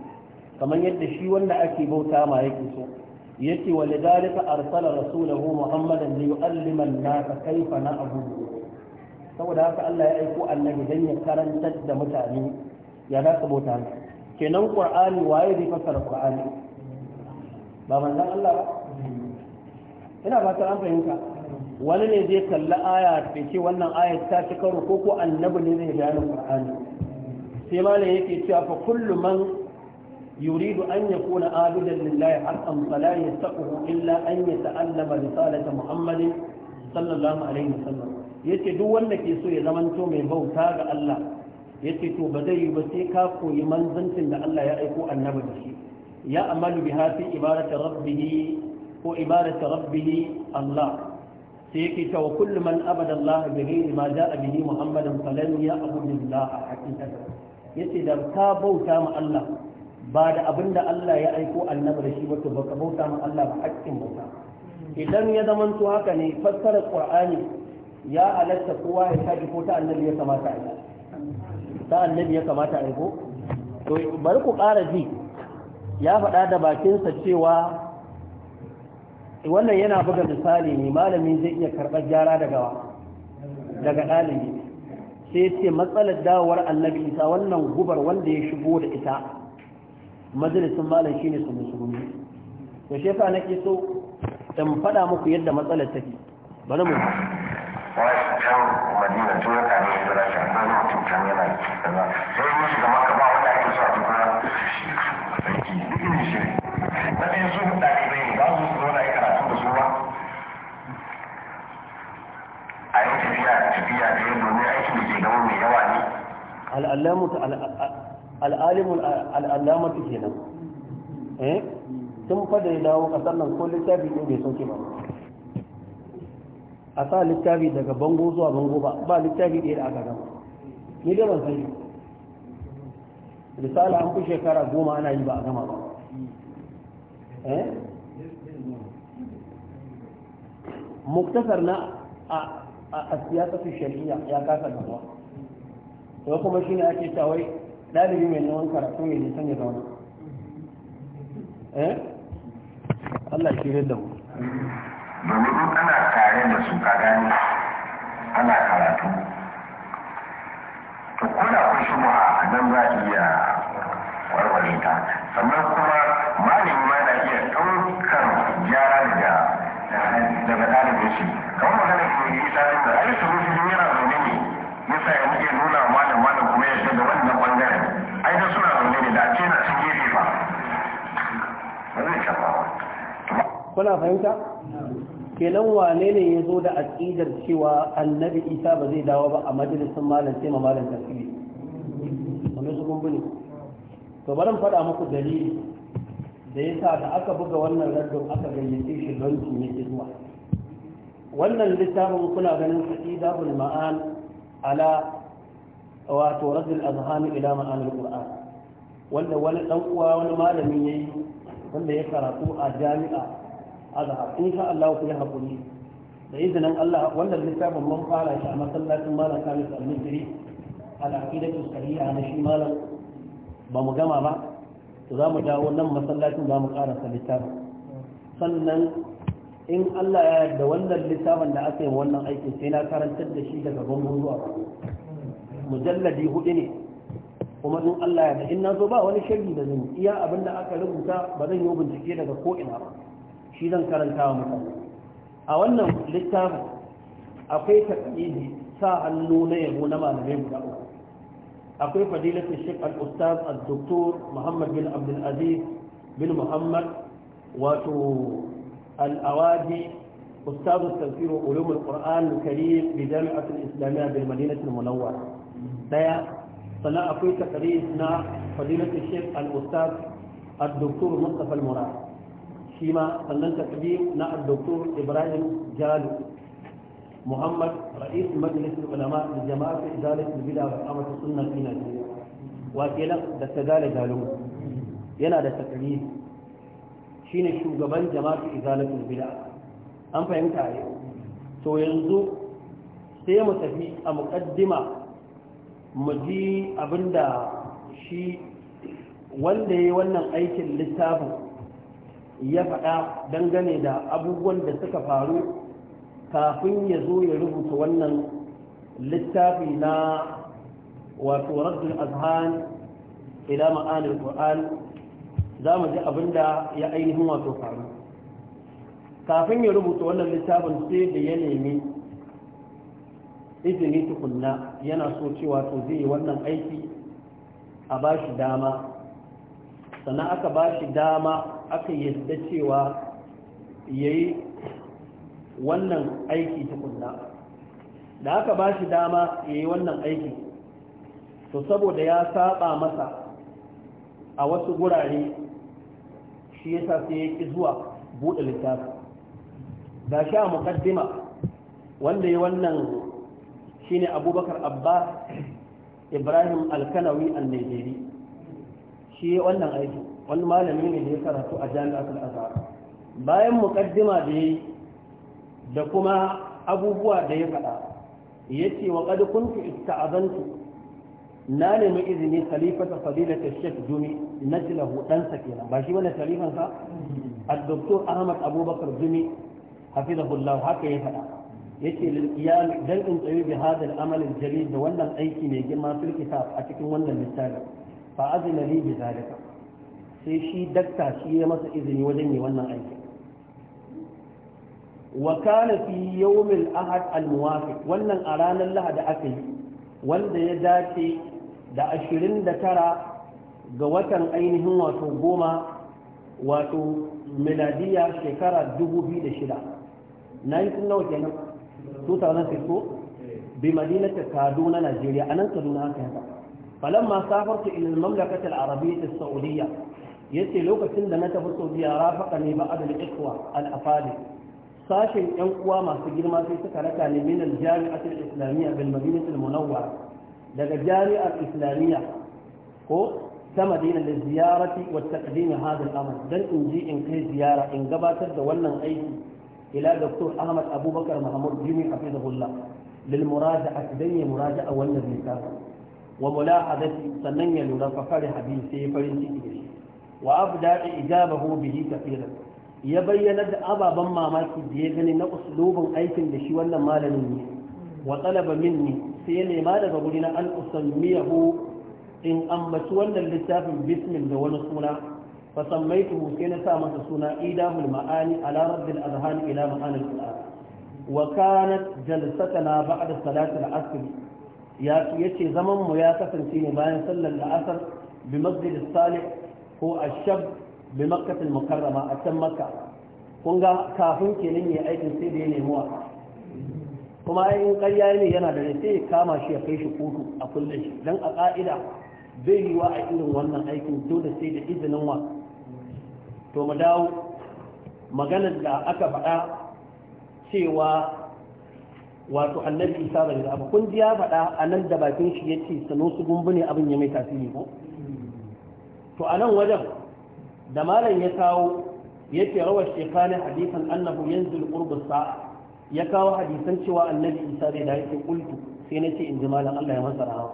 kaman yadda shi wanda ake bauta ma yake so yace walidalika arsala rasulahu muhammadan liyu'allima an-nasa kayfa na'budu saboda haka Allah ya aiko annabi dan ya karantar da mutane ya da su bauta masa kenan qur'ani waye zai fassara qur'ani ba manzon Allah ba ina fatan an fahimta wani ne zai kalli aya da ce wannan aya ta ci karo ko ko annabi ne zai bayanin qur'ani sai malam yake cewa fa kullu man يريد أن يكون عابدا لله حقا فلا يستطيع إلا أن يتعلم رسالة محمد صلى الله عليه وسلم Ya ce duk wanda ke so ya zamanto mai bauta ga Allah ya ce to ba zai yi ba sai ka koyi manzancin da Allah ya aiko annabi da shi ya amalu biha fi ibadati rabbih ko ibadati rabbih Allah sai yake cewa kullu man abada Allah bi ghairi ma jaa bihi Muhammadan falan ya'budu Allah haqiqatan yace da ka bauta ma Allah ba da abin da Allah ya aiko annabi da shi ba to baka bauta ma Allah ba haƙƙin bauta idan ya zamanto haka ne fassara Qur'ani ya halatta kowa ya tashi ko ta annabi ya kamata a yi ta annabi ya kamata a yi ko to bari ku ƙara ji ya faɗa da bakinsa cewa wannan yana buga misali ne malami zai iya karɓar gyara daga daga ɗalibi sai ce matsalar dawowar annabi isa wannan gubar wanda ya shigo da ita majalisun malam shine su musulmi to shefa nake so in faɗa muku yadda matsalar take bari mu can madina tun ya kame ya zara can ko mutum can yana kaza sai ya shiga maka ba wanda ake so a tuka sarki duk ne shi na biyu su mutane bai ne ba su su zauna ya karatu da su ba a yi tafiya tafiya da yin domin aikin da ke gama mai yawa ne al'alamu al'alimun al'alamatu kenan eh tun fa da ya dawo kasar nan ko littafi ne bai sauke ba a sa littafi daga bango zuwa bango ba ba littafi ɗaya da aka gama ni da ban sani misali an fi shekara goma ana yi ba a gama ba eh? muktasar na a siyasar shari'a ya kasa gaba to kuma shi ne ake tawai ɗalibi mai nawan karatu mai nisan ya zauna eh? Allah shi da mu domin in ana tare da su ka gani ana karatu to kuna kun shi a nan za a iya warware ta sannan kuma malami ma na iya ɗaukar gyara daga daga ɗalibin shi kamar kana ke yi ta da ai su rufi yana zaune ne yasa ya muke nuna malam malam kuma ya da wannan ɓangaren ai da suna zaune ne da ce na cin gefe ba ba zai shafa ba kuna fahimta kenan wane ne ya zo da aƙidar cewa annabi isa ba zai dawo ba a majalisun malam sai malam tasiri wani su gumbuni to barin faɗa muku dalili da ya sa da aka buga wannan raddon aka gayyace shi don su yake zuwa wannan littafin kuna ganin sa'idabul ma'an ala wato radul azhami ila ma'anil qur'an wanda wani dan uwa wani malami ya yi wanda ya karatu a jami'a azhar insha Allah ku yi hakuri da izinin Allah wannan littafin mun fara shi a masallacin malam Kamis al-Misri al-aqidatu sahiha na shi malam ba mu gama ba to za mu dawo nan masallacin za mu karasa littafin sannan in Allah ya yarda wannan littafin da aka yi wannan aikin sai na karanta da shi daga bangon zuwa mujalladi hudu ne kuma in Allah ya yarda in na zo ba wani shirki da zan iya abinda aka rubuta ba zan yi bincike daga ko ina ba shi zan karanta wa a wannan littafin akwai taƙaƙi sa hannu na yabo na malamai da uku akwai fadilatun shekh al-ustaz al-doktor muhammad bin abdulaziz bin muhammad wato al-awaji ustaz al-tafiru ulumul qur'an karim bi jami'atul islamiyya bil madinatul munawwar daya sannan akwai taqrir na fadilatun shekh al-ustaz al-doktor mustafa al shi sannan takbir na addoktor ibrahim jalu muhammad ra'is majalis ulama da jama'a da bida wa amata sunna fi na jiya wa kenan da ta gale galo yana da takbir shine shugaban jama'a fi zalik da an fahimta yau to yanzu sai mu tafi a muqaddima mu ji abinda shi wanda ya yi wannan aikin littafin ya faɗa dangane da abubuwan da suka faru kafin ya zo ya rubuta wannan littafi na wato raddul azhan ila ma'anar qur'an za mu ji abinda ya ainihin wato faru kafin ya rubuta wannan littafin sai da ya nemi izini tukunna yana so cewa to zai yi wannan aiki a bashi dama sannan aka bashi dama aka yadda cewa ya yi wannan aiki tukunna da aka ba shi dama ya yi wannan aiki to saboda ya saba masa a wasu gurare shi ya sa sai ya ƙi zuwa buɗe littafi ga shi a mukaddima wanda ya wannan shi ne abubakar abba ibrahim alkanawi al Nigeria shi ya wannan aiki wani malami ne da ya karatu a jami'atul azhar bayan muqaddima da yayi da kuma abubuwa da ya faɗa yace wa qad kuntu ista'azantu na nemi izini khalifata fadilata shek jumi najlahu dan sa kenan ba shi bane khalifan sa al-doktor ahmad abubakar jumi hafizahullah haka ya faɗa yace lil qiyam dan in tsayi bi hada al-amal al wannan aiki mai girma fil kitab a cikin wannan littafi fa azina li bi zalika sai shi dakta shi ya masa izini wajen yi wannan aiki wa kana fi yawmil ahad al muwafiq wannan a ranar lahadi aka yi wanda ya dace da 29 ga watan ainihin wato goma wato miladiya shekara 2006 na yi sun nawa kenan 2006 bi madinata kaduna najeriya a nan kaduna aka yi falamma safarta ila al-mamlakata al-arabiyyah as-saudiyyah yace lokacin da na tafi Saudiya rafaka ne ba adal ikwa al afali sashen yan uwa masu girma sai suka raka ne min al jami'at al islamiyya bil madinah al munawwara daga jami'ar islamiyya ko ta madina da ziyarati wa taqdim hada al amr dan in ji in kai ziyara in gabatar da wannan aiki ila dr ahmad abubakar mahmud jimi hafizahullah lil muraja'a dan ya muraja'a wannan littafin wa mulahadati sannan ya lura fa fari hadisi farin ciki wa abu daɗi ijabahu bihi kafiran ya bayyana da ababen mamaki da ya gani na uslubin aikin da shi wannan malamin ne wa talaba minni sai ya nema daga guri na an usammiyahu in ambaci wannan littafin bismin da wani suna fa sammaituhu sai na sa masa suna idahul ma'ani ala rabbil azhan ila ma'anil qur'an wa kanat jalsatana ba'da salati al-asr ya yace zaman mu ya kasance ne bayan sallar al-asr bi masjid salih ko shab bi makkatul mukarrama a can makka kun ga kafin kenan ya aikin sai da ya nemi wa kuma in ƙarya ne yana da sai ya kama shi ya kai shi kotu a kullum shi dan a ka'ida bai yiwa a irin wannan aikin dole sai da izinin wa to mu dawo maganar da aka faɗa cewa wato annabi isa bai da kun ji ya faɗa a nan da bakin shi yace ce sanu su gumbu ne abin ya mai tasiri ko to a nan wajen da malam ya kawo ya ce rawar shekani hadisan annahu yanzu qurbus sa'a ya kawo hadisan cewa annabi isa zai da yake kultu sai na ce in ji malam Allah ya masa rawa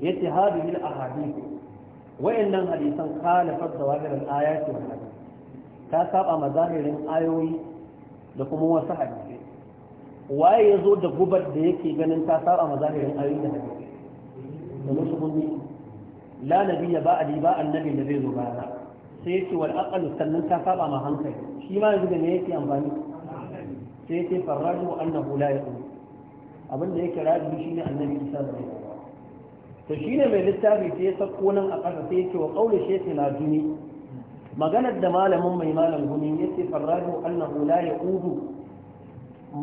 yace yin al ahadith wayannan hadisan khalafat da al ayati wal hadith ta saba mazahirin ayoyi da kuma wasu hadisi waye ya zo da gubar da yake ganin ta saba mazahirin ayoyi da hadisi da musu gundi la nabiyya ba'di ba annabi da zai zo bayana sai yace wal aqalu sannan ta saba ma hankali shi ma yanzu da me yake amfani sai yace farraju annahu la yaqul abin da yake rabi shine annabi isa da zai to shine mai littafi sai ya sako nan a ƙasa sai ce wa qawli shaykhi na duni maganar da malamin mai malam gumi yace farraju annahu la yaqulu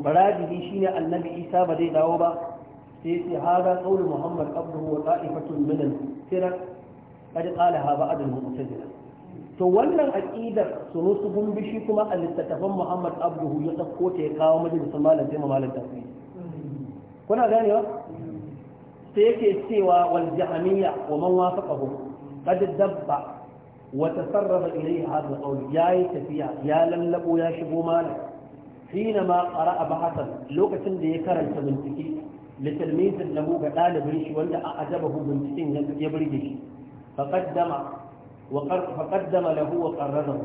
baradihi shine annabi isa ba zai dawo ba sai yace hada qawlu muhammad abduhu wa ta'ifatun min al-firaq قد قالها بعض المعتزلة to wannan aqidar sunu su gumbishi kuma a littattafan Muhammad Abduhu ya dauko ta ya kawo majalisar malam sai malam tafsiri kuna ganewa sai yake cewa wal jahamiyya wa man wafaqahu qad dabba wa tasarrafa ilayhi hadha qawl yayi tafiya ya lallabo ya shigo malam hina ma qara'a bahasan lokacin da ya karanta bincike litalmizin lahu ga dalibin shi wanda a ajabahu binciken ya burge shi فقدم وقر فقدم له وقرره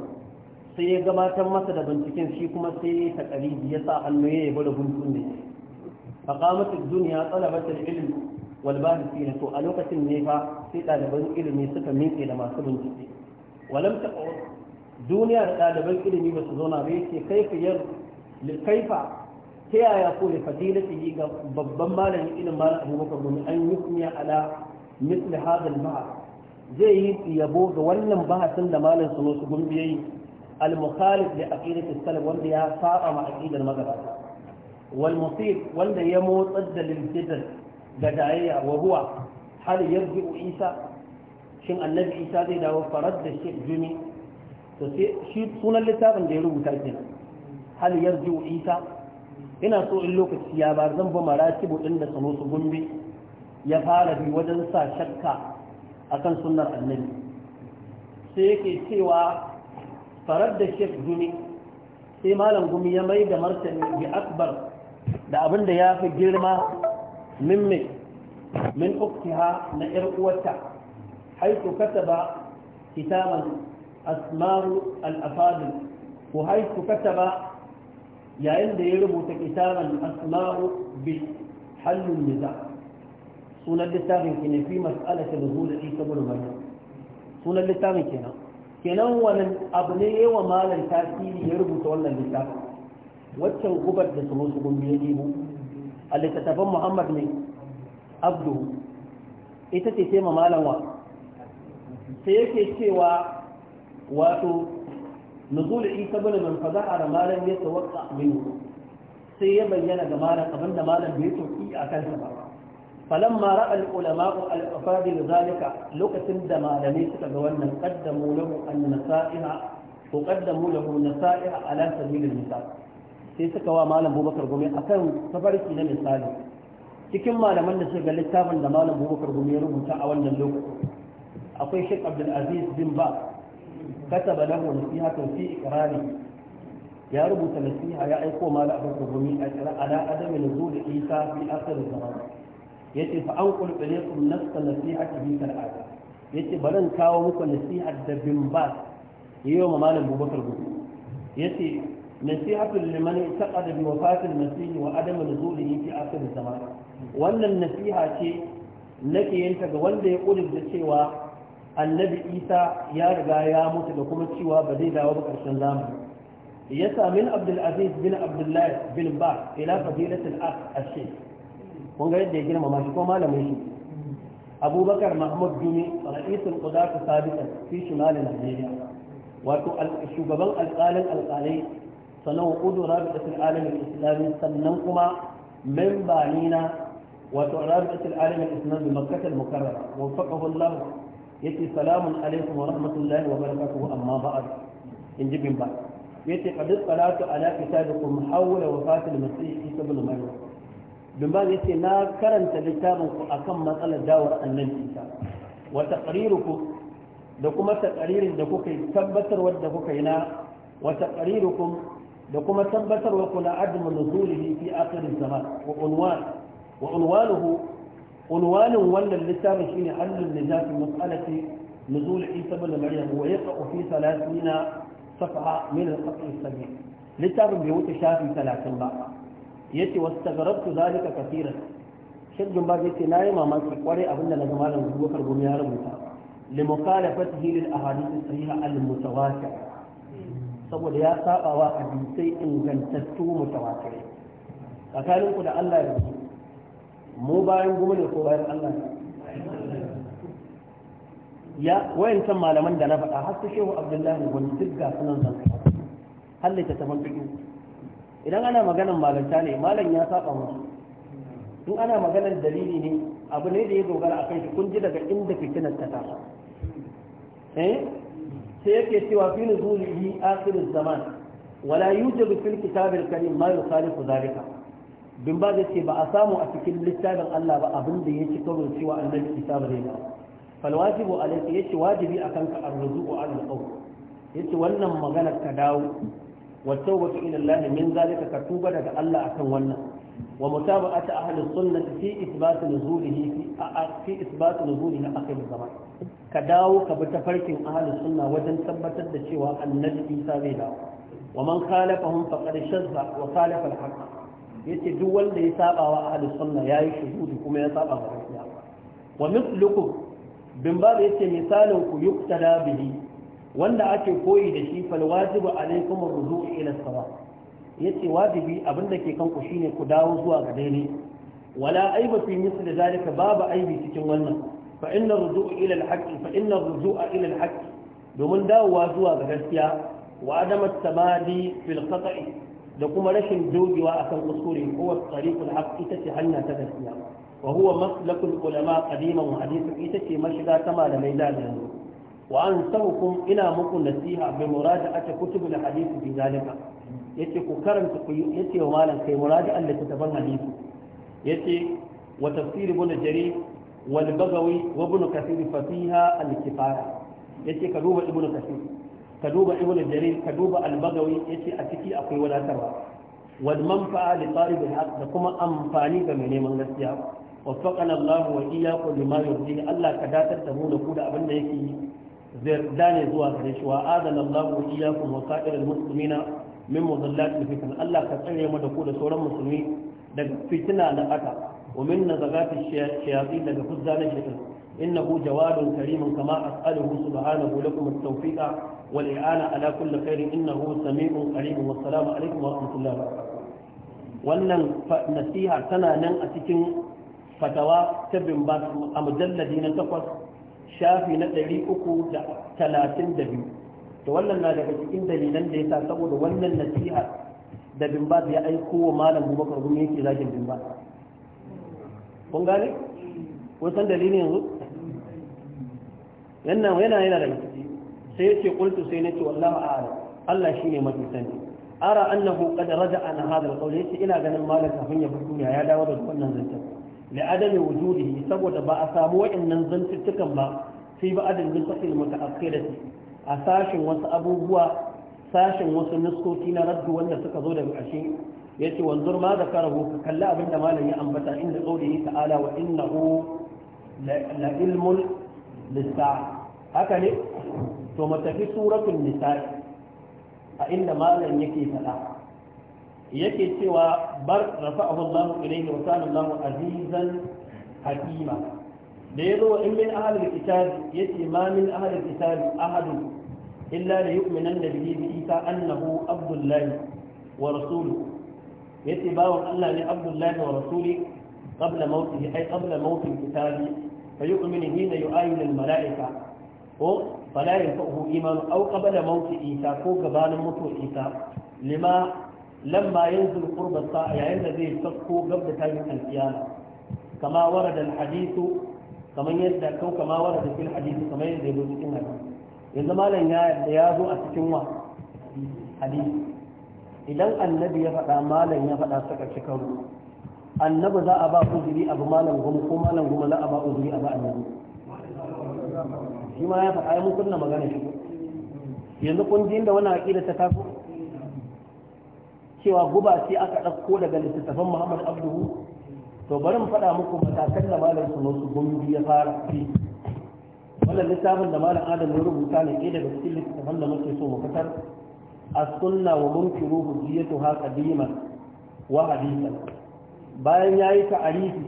sai ya gabatar masa da binciken shi kuma sai ya taƙaribi ya sa hannu ya yabo da buntun ne faƙamatin duniya talabatar ilimi walbarisi na to a lokacin ne fa sai ɗaliban ilimi suka minke da masu bincike walam ta duniya da ɗaliban ilimi ba su zauna ba yake kaifa yar kaifa ta yaya ko da fadilati ga babban malamin ilimin malam abubakar domin an yi kunya ala misli hadal ba'a zai yi yabo ga wannan bahasin da malam suno su gumbi yayi al-mukhalif li aqidati salaf wanda ya saba ma aqidar magabata wal musib wanda ya motsar da limtidan da dayayya wa huwa hal yarji isa shin annabi isa zai dawo farad da shi jumi to sai shi sunan littafin da ya rubuta kenan hal yarji isa ina so in lokaci ya bar zan ba maratibu din da suno su gumbi ya fara bi wajen sa shakka akan sunnar annabi sai yake cewa farar da shek gumi sai malam gumi ya mai da martani bi akbar da abin da ya fi girma min mai min uktiha na yar uwarta haitu kataba kitaban asmaru al-afadil ko kataba yayin da ya rubuta kitaban asmaru bi hallun nizam sunan littafin ki ne fi mas'alati zuhur isa ibn sunan littafin kenan kenan wani abu ne ya wa malam tasiri ya rubuta wannan littafin waccan gubar da sunan su gumbi ya dibo a littattafan muhammad ne abdu ita ce sai malam wa sai yake cewa wato nuzul isa ibn man fada'a da malam ya tawaqqa minhu sai ya bayyana ga malam abinda malam bai toki a kansa ba فلما رأى العلماء الأفاضل ذلك لقسم دما لم يتقدموا قدموا له النصائح وقدموا له نصائح على سبيل المثال sai suka wa malam bubakar gumi a kan tafarki na misali cikin malaman da suka littafin da malam bubakar gumi ya rubuta a wannan lokacin akwai shek aziz bin ba kataba lahu nasiha kan fi ikrari ya rubuta nasiha ya aiko malam bubakar gumi a ala adamin zuwa isa fi akhir zaman yace fa an qul ilaykum nafsa nasihati bi sal'ati yace baran kawo muku nasihar da bin ba yayi wa malam Abubakar gudu yace nasihatu liman taqada bi wafatil masih wa adam nuzulihi fi da zaman wannan nasiha ce nake yanta ga wanda ya kudin da cewa annabi isa ya riga ya mutu da kuma cewa ba zai dawo ba karshen zamani ya min abdul bin abdullah bin ba ila fadilatul akh ashe kun ga yadda ya girmama shi ko malamin shi abubakar mahmud dumi ra'isul qudatu sabiqan fi shimal najeriya wato shugaban alƙalin alƙalai sannan kudu rabitul alamin islami sannan kuma memba ne na wato rabitul alamin islami makkatul mukarrama wafaqahu allah yace salamun alaikum wa rahmatullahi wa barakatuhu amma ba'd in ji bin ba yace qad salatu ala kitabikum hawla wafatil masih isa ibn maryam bin ba zai ce na karanta littafinku ku akan matsalar dawar annabi isa wa taqrirukum da kuma taqririn da kuka yi tabbatarwa da kuka yi na wa taqrirukum da kuma tabbatar ku na adamu nuzulihi fi akhirin zaman wa unwan wa unwanuhu unwanin wannan littafin shine halin nijati mas'alati nuzul isa ibn maryam wa yaqa'u fi 30 صفحة من القطع السبيل littafin bai wuce shafi talatin ba yace wastagarabtu zalika kaseeran Sheikh Bin Baz yace nayi mamaki kware abinda na ga malam Abubakar Gumi ya rubuta limukhalafatihi lil ahadith sahiha al mutawatir saboda ya saba wa hadisai ingantattu mutawatir tsakanin ku da Allah ya rubuta mu bayan gumi ne ko bayan Allah ya wayan wayancan malaman da na faɗa har su Shehu Abdullahi Gumi duk ga sunan zan halitta ta fiqh idan ana maganan malanta ne malam ya saba mu in ana maganan dalili ne abu ne da ya dogara a kan shi kun ji daga inda fitinar ta taso eh sai yake cewa fi nuzulihi akhir zaman wala yujadu fil kitab al karim ma yukhalifu zalika bin ba ce ba a samu a cikin littafin Allah ba abin da ci kawai cewa annabi isa ba ne ba fal wajibu alayka yace wajibi akan ka arzuqu al qawl yace wannan magana ka dawo والتوبة إلى الله من ذلك كتوبة لك الله أكن ونا ومتابعة أهل السنة في إثبات نزوله في إثبات نزوله أخر الزمان كداو كبتفرك أهل السنة وجن ثبتت الشواء النبي سابيلا ومن خالفهم فقد شذ وخالف الحق yace duk wanda ya saba wa ahlus sunna yayi shuhudi kuma ya saba wa gaskiya wa mithlukum bin babu yace misalin ku yuktada bihi wanda ake koyi da shi fal wajibu alaikum ar-ruju' ila as-sawa yace wajibi abin da ke kan shine ku dawo zuwa ga daidai wala aiba fi misli zalika babu aibi cikin wannan fa inna ar-ruju' ila al-haqq fa inna ar-ruju'a ila al-haqq domin dawowa zuwa ga gaskiya wa adam at-tamadi fil khata'i da kuma rashin dogewa akan kuskure huwa tariqul haqq ita ce hanya ta gaskiya wa huwa maslakul ulama qadiman wa hadithu ita ce mashiga ta malamai da yanzu wa an ansahukum ina muku nasiha bi muraja'ati kutubul hadith bi zalika yace ku karanta ku yace wa malam kai muraja'an littafan hadisi yace wa tafsir ibn jarir wal bagawi wa ibn kathir fa fiha al kifaya yace ka duba ibn kathir ka duba ibn jarir ka duba al bagawi yace a ciki akwai wadatarwa wal manfa'a li talib al haq da kuma amfani ga mai neman gaskiya وفقنا الله وإياكم لما da الله كداتر تمون كود أبن يكي da ne zuwa gare shi wa adana Allah wa iyyakum wa sa'iril muslimina min mudallatil fitan Allah ka tsare mu da ku da sauran musulmi daga fitina na aka wa min nazagati shayatin daga fuzzanin shaytan innahu jawadun karimun kama as'aluhu subhanahu lakum at-tawfiqa wal i'ana ala kulli khairin innahu samii'un qareeb wa assalamu alaikum wa rahmatullahi wa barakatuh wannan nasiha tana nan a cikin fatawa ta bin ba a mujalladi na takwas shafi na ɗari uku da talatin da biyu da wannan na daga cikin dalilan da ya sa saboda wannan nasiha da bimbad ya aiko wa malam bubakar gumi yake zagin bimbad kun gane wasan dalilin yanzu yana yana yana da ciki sai yace qultu sai nace wallahi a'lam Allah shine mafi sani ara annahu qad raja'a an hadha al-qawl yace ina ganin malam kafin ya bar duniya ya dawo da wannan zancen da adam ya wujudi saboda ba a samu waɗannan zantuttukan ba sai ba adam zai fasil mata a sashen wasu abubuwa sashen wasu niskoki na raddu wanda suka zo daga ƙarshe ya ce wanzur ma zaka rahu ka kalli abin da malam ya ambata inda tsoro ya ta'ala wa inna hu la ilmul lissa haka ne to mu tafi suratul nisa a inda malam yake faɗa yake cewa bar rafa'ahu Allahu ilayhi wa kana Allahu azizan hakima da yazo wa in min kitabi? Ya ce ma min ahli alkitab ahad illa la da bihi bi isa annahu abdullahi wa rasuluhu yace bawon Allah ne abdullahi wa rasuli qabla mawtihi ay qabla kitabi. mawti alkitab فيؤمن حين يؤاين ko فلا ينفعه إيمان أو قبل موت isa ko gabanin موت isa? لما lamma yanzul qurba sa'a yayin da zai sakko gab da tashi kama warada alhadithu kamar yadda kau kama warada fil hadithu kamar yadda yake cikin yanzu malam ya zo a cikin wa hadisi idan annabi ya faɗa malam ya faɗa saka cikin annabi za a ba uzuri abu malam goma ko malam goma za a ba uzuri abu shi ma ya faɗa ya magana shi yanzu kun wani aƙida ta taso cewa guba sai aka ɗauko daga littattafan muhammad abduhu to bari mu faɗa muku matakan da malam su su gumbi ya fara fi wannan littafin da malam adam ya rubuta ne ɗaya daga cikin littattafan da muke so mu fitar a sunna wa munkiru hujjiyatu ha wa hadisan bayan yayi ta'arifi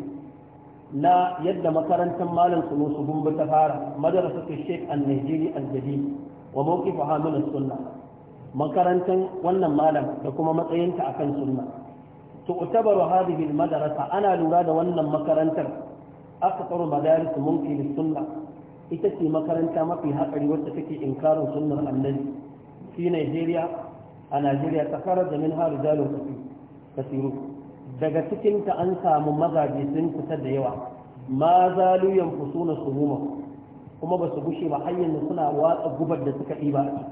na yadda makarantar malam sunu su gumbi ta fara madrasatul sheikh an-najiri al-jadid wa mawqifuha min as-sunnah makarantar wannan malam da kuma matsayinta akan sunna to utabaru hadhihi madarasa ana lura da wannan makarantar akthar madaris mumkin sunna ita ce makaranta mafi hatsari wacce take inkarin sunnar annabi fi Najeriya a Najeriya ta fara da min har zalo kasiru daga cikin ta an samu mazaje sun fita da yawa ma zalu yanfusuna suhuma kuma ba su gushe ba har suna watsa gubar da suka ɗiba a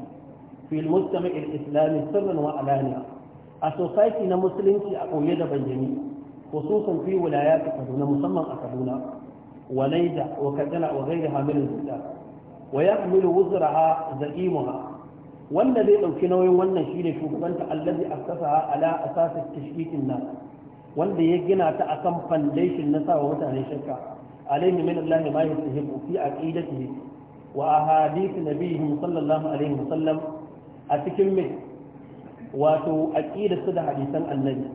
fil mustami al-islami sirran wa alaniya a society na musulunci a koye da bayyani khususan fi wilayat Kaduna musamman a Kaduna wa Naija wa Kaduna wa ghayriha wanda zai ɗauki nauyin wannan shine shugabanta allazi asasaha ala asas tashkikin nas wanda ya gina ta akan foundation na sawa mutane shakka alaihi min Allah ma yusihibu fi aqidatihi wa ahadith nabiyhi sallallahu alaihi Sallam. a cikin mai wato aqida su da hadisan annabi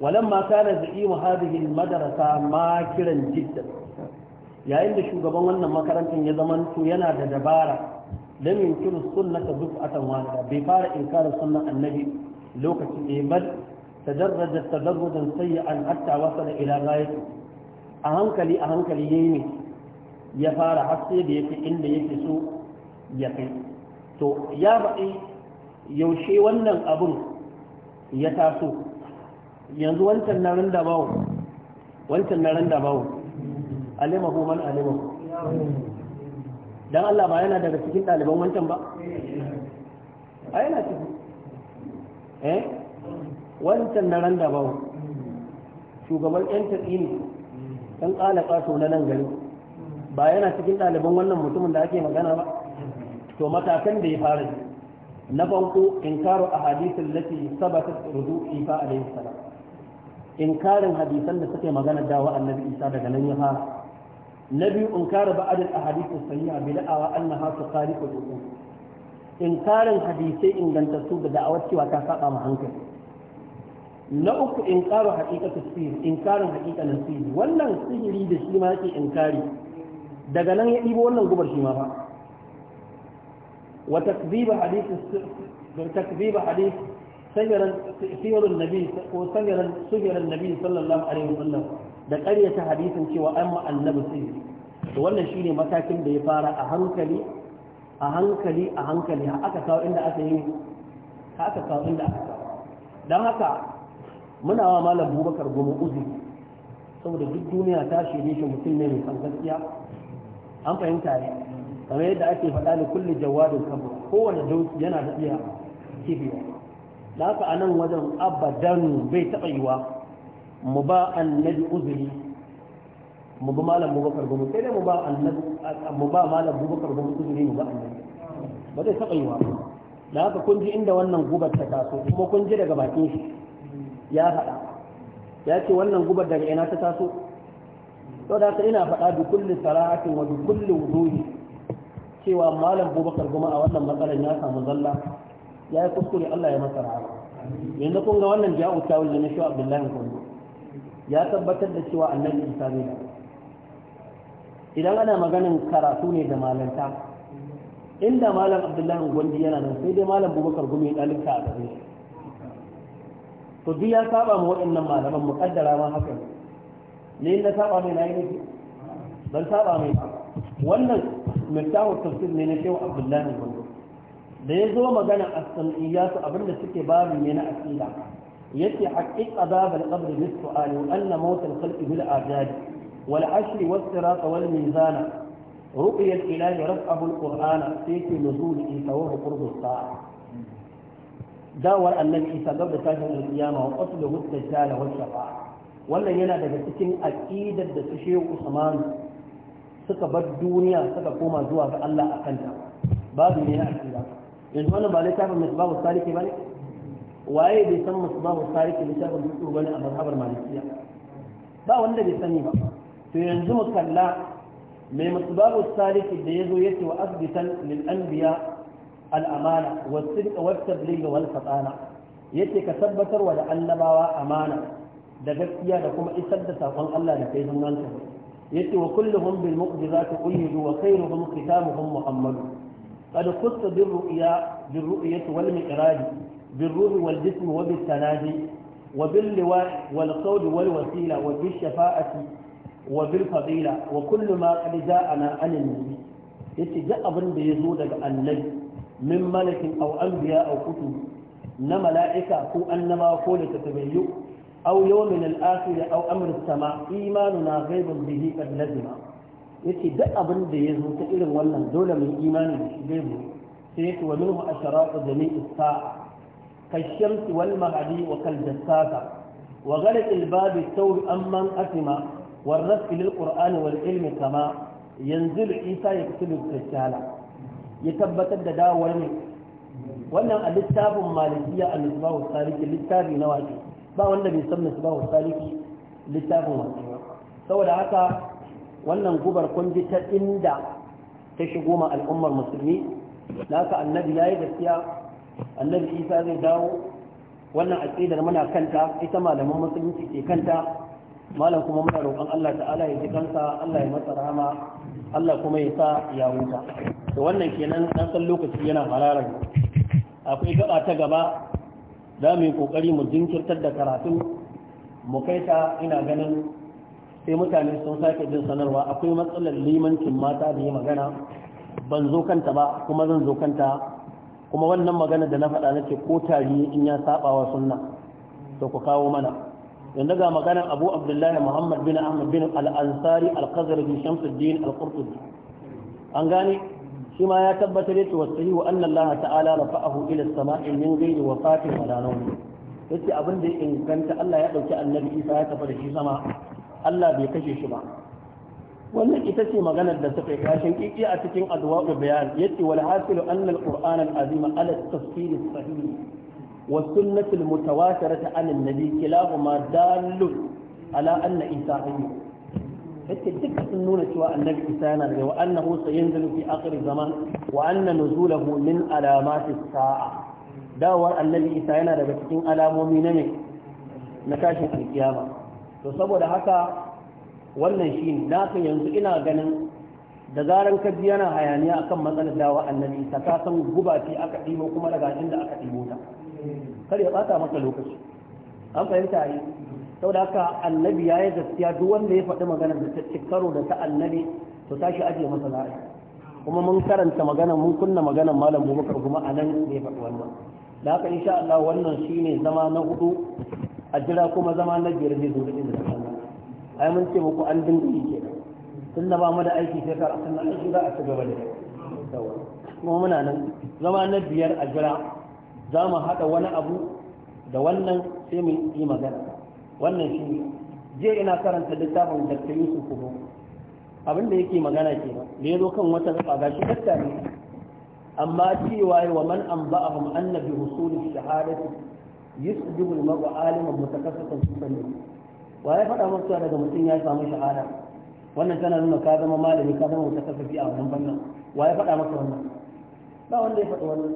walamma kana za'imu hadhihi madarasa kiran jiddan yayin da shugaban wannan makarantar ya zama to yana da dabara lam yunkiru duk atan wahida bai fara inkarin sunnan annabi lokacin da bal tadarraja tadarrujan sayyi'an hatta wasala ila ghayati a hankali a hankali ya fara har sai da yake inda yake so ya kai to ya baɗi yaushe wannan abin ya taso yanzu wancan na randa bawo wancan na randa bawo alimahu man alimahu dan Allah ba yana daga cikin ɗaliban wancan ba a yana ciki eh wancan na randa bawo shugaban yan tafi ne ɗan ƙala ƙaso na nan gari ba yana cikin ɗaliban wannan mutumin da ake magana ba to matakan da ya fara ne na farko inkaru ahadithul lati sabatat rudu'i fa alayhi salam inkarin hadisan da suke magana da annabi Isa daga nan ya fara na biyu inkaru ba'd al-ahadith as a bi da'awa annaha tuqaliqu al-uqul inkarin hadisai ingantattu da da'awar cewa ta saba ma hankali na uku inkaru haqiqatu sihir inkarin haqiqatan sihir wannan sihiri da shi ma yake inkari daga nan ya ɗibo wannan gubar shi ma ba. وتكذيب حديث تكذيب حديث سجر سير النبي وسجر سجر النبي صلى الله عليه وسلم da ƙaryata hadisin cewa an annabi sihiri to wannan shi ne matakin da ya fara a hankali a hankali a hankali ha aka kawo inda aka yi ha aka kawo inda aka kawo don haka muna wa malam bubakar goma uzi saboda duk duniya ta shirye shi mutum ne mai san gaskiya an fahimta ne kamar yadda ake faɗa da kulle jawabin kafa kowane dauki yana da iya kibiya da haka a nan wajen abadan bai taɓa yiwa mu ba annabi uzuri mu ba malam bubakar Gomu, sai dai mu ba annabi mu ba malam bubakar Gomu uzuri mu ba annabi ba zai taɓa yiwa da haka kun ji inda wannan gubar ta taso kuma kun ji daga bakin shi ya faɗa ya ce wannan gubar daga ina ta taso to da haka ina faɗa da kulli salatin wa bi kulli wuduhi cewa malam bubakar kuma a wannan matsalar ya samu zalla ya yi kuskure Allah ya masa rahama yanzu kun ga wannan ja'u tawil da na shi Abdullahi ya tabbatar da cewa annabi Isa ne da idan ana maganin karatu ne da malanta inda malam Abdullahi Gondi yana nan sai dai malam Bubakar Gumi ya dalilta a gare shi to duk ya saba mu waɗannan malaman muƙaddara ma haka ne na saba mai na yi ne ban saba mai wannan miftahu tafsir ne na shehu abdullahi gondo da ya zo magana as su abinda suke babu ne na asila yace haqiq azab al-qabr bis a wa anna mawt al-khalqi bil azab wal ashr was sirat wal mizan ruqya ilahi raf'ahu al-qur'ana fi nuzul isa wa qurb as-sa'a dawar annabi isa gaba tashin al-qiyama wa qatluhu ad wa shafa'a wannan yana daga cikin aqidar da su shehu usman suka bar duniya suka koma zuwa ga Allah a kanta babu ne na akida yanzu wannan ba littafin misbahu ba ne? waye bai san misbahu saliki littafin dutsu bane a mazhabar malikiya ba wanda bai sani ba to yanzu mu kalla mai misbahu saliki da ya zo ya ce wa asbitan lil anbiya al amana was sidq wat tabligh wal fatana yace ka tabbatar wa da annabawa amana da gaskiya da kuma isar da sakon Allah da kai zumunta yace wa kulluhum bil muqdizati quyidu wa khayruhum kitabuhum muhammad qad qutta bir ru'ya bir ru'yati wal mi'raj bir ruhi wal jism wa bil tanadi wa bil liwa wal qawd wal wasila wa bil shafa'ati wa bil fadila wa kullu ma qad ja'ana an nabi yace duk abin da yazo daga annabi min malakin aw anbiya aw kutub na mala'ika ko annaba ko da tabayyu أو يوم الآخر أو imanu na إيماننا غيب به قد لزم yace duk abin da ya zo ta irin wannan dole mu imani da shi gaibu. sai yake wa minhu asharatu jami'is sa'a kashyams wal Mahadi wa kal jassasa wa ghalaq al bab amman atima wal rafq lil qur'an wal ilm kama yanzil isa yaktubu tajala ya tabbatar da dawowar ne wannan a littafin malikiya a misbah al littafi na wajibi ba wanda bai san misbahu saliki littafin wasu saboda haka wannan gubar kun ji ta inda ta shigo ma al'ummar musulmi da haka annabi yayi gaskiya annabi isa zai dawo wannan aqidar muna kanta ita malaman musulunci ke kanta malam kuma muna roƙon Allah ta'ala ya ji kansa Allah ya masa rahama Allah kuma ya sa ya huta to wannan kenan an san lokaci yana hararar akwai gaba ta gaba za mu yi kokari mu jinkirtar da karatun mu kai ta ina ganin sai mutane sun sake jin sanarwa akwai matsalar limancin mata da yi magana ban zo kanta ba kuma zan zo kanta kuma wannan magana da na faɗa na ce ko tari in ya saba wa sunna to ku kawo mana yanzu ga maganar abu abdullahi muhammad bin ahmad bin al-ansari al-qazar bin shamsuddin al-qurtubi an gane shi ma ya tabbatar yake Laha wa anna Allah ta'ala rafa'ahu ila as-sama'i min ghairi wafatin wala nawm yace abin da ya inganta Allah ya dauki annabi Isa ya tafi da shi sama Allah bai kashe shi ba wannan ita ce maganar da suka yi kashin kiki a cikin adwa'u bayan yace wal hasilu anna al-qur'an al-azim ala tafsir as-sahih wa sunnah al-mutawatirah an an-nabi kilahuma dalun ala anna Isa hayy yace duka sun nuna cewa annabi isa yana da wa annahu sayanzilu fi akhir zaman wa anna nuzulahu min alamati sa'a dawar annabi isa yana daga cikin alamomi na ne na tashin alkiyama to saboda haka wannan shi na kan yanzu ina ganin da zaran ka ji yana hayaniya akan matsalar dawa annabi isa ka san guba ce aka ɗibo kuma daga inda aka ɗibo ta kar ya ɓata maka lokaci an fahimta yi da haka annabi ya yi gaskiya duk wanda ya faɗi magana da ta karo da ta annabi to tashi ajiye masa za'a kuma mun karanta magana mun kunna magana malam bubakar kuma a nan ne ya faɗi wannan da haka insha Allah wannan shine zama na hudu a jira kuma zama na biyar ne zo da inda ta kana ai mun ce muku an dinga yi kenan tun da ba mu da aiki sai kar a sannan aiki za a ci gaba da yawa kuma muna nan zama na biyar a jira za mu haɗa wani abu da wannan sai mu yi magana wannan shi je ina karanta littafin Dr. Yusuf Kubo abin da yake magana ke ba da ya zo kan wata gaba ga shi dakta ne amma cewa wa man anba'ahum annabi rusul shahadati yusbihu al-mar'u aliman mutakassisan fi fanni wa ya faɗa masa daga mutum ya samu shahada wannan tana nuna ka zama malami ka zama mutakassifi a wannan fannin wa ya faɗa masa wannan ba wanda ya faɗi wannan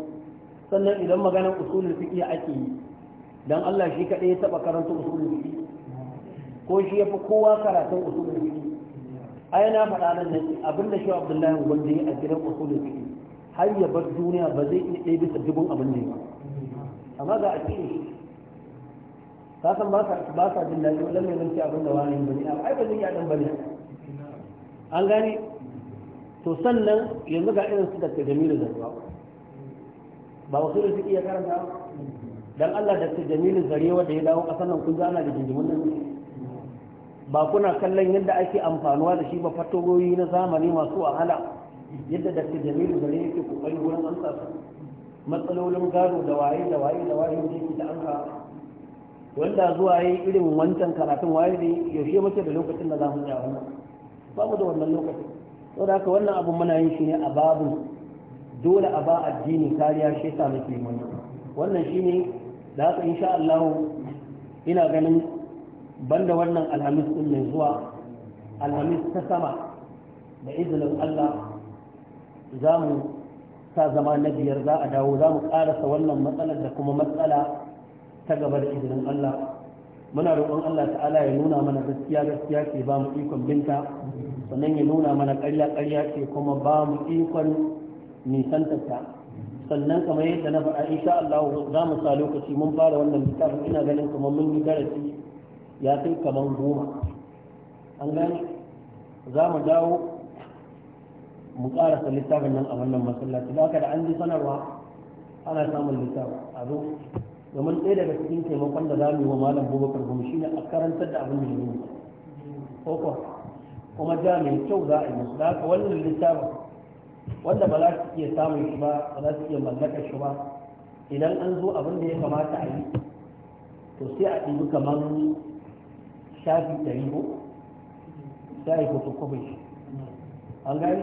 sannan idan maganar usulul fiqh ake yi dan Allah shi kadai ya taba karanta usulul fiqh ko shi ya fi kowa karatun usulun fiƙi ai na faɗa nan ne abin da shi abdullahi wanda ya a gidan usulun fiƙi har ya bar duniya ba zai iya ɗaya bisa dubun abin da ya amma ga a cikin shi ka san ba sa jin daɗi wannan mai zanci abin da wani ne ai ba zai iya ɗan bane an gane to sannan yanzu ga irin su da jamilu da zuwa ba wasu da suke iya karanta dan Allah da jamilu zarewa da ya dawo a nan kun ga ana da jinjimin nan ba kuna kallon yadda ake amfanuwa da shi ba fatogoyi na zamani masu wahala yadda da ta jamilu ne yake kokari wurin an sa matsalolin gado da waye da waye da waye da yake da anka wanda zuwa yi irin wancan karatun waye ne yaushe muke da lokacin da za mu tsaya wannan ba mu da wannan lokacin saboda haka wannan abun muna yin shi ne a babu dole a ba addini kariya shi yasa muke wannan wannan shine da haka insha Allah ina ganin banda wannan alhamis ɗin mai zuwa alhamis ta sama da izinin Allah za mu sa zama na biyar za a dawo za mu ƙarasa wannan matsalar da kuma matsala ta gaba da izinin Allah muna roƙon Allah ta'ala ya nuna mana gaskiya gaskiya ce ba mu ikon binta sannan ya nuna mana ƙarya ƙarya ce kuma ba mu ikon nisantarta sannan kamar yadda na faɗa insha Allah za mu sa lokaci mun fara wannan littafin ina ganin kuma mun yi darasi ya kai kamar goma an gani za mu dawo mu karasa littafin nan a wannan masallaci ba ka da an ji sanarwa ana samun littafin a zo domin ɗaya daga cikin taimakon da za mu yi wa malam bubakar karfi shi ne a karantar da abin da ya yi ko kuma ja mai kyau za a yi musu da haka wannan littafin wanda ba za su iya samun shi ba ba za su iya mallaka shi ba idan an zo abin da ya kamata a yi to sai a ɗibi kamar shafi ɗari ko ta yi fotokofin shi an gani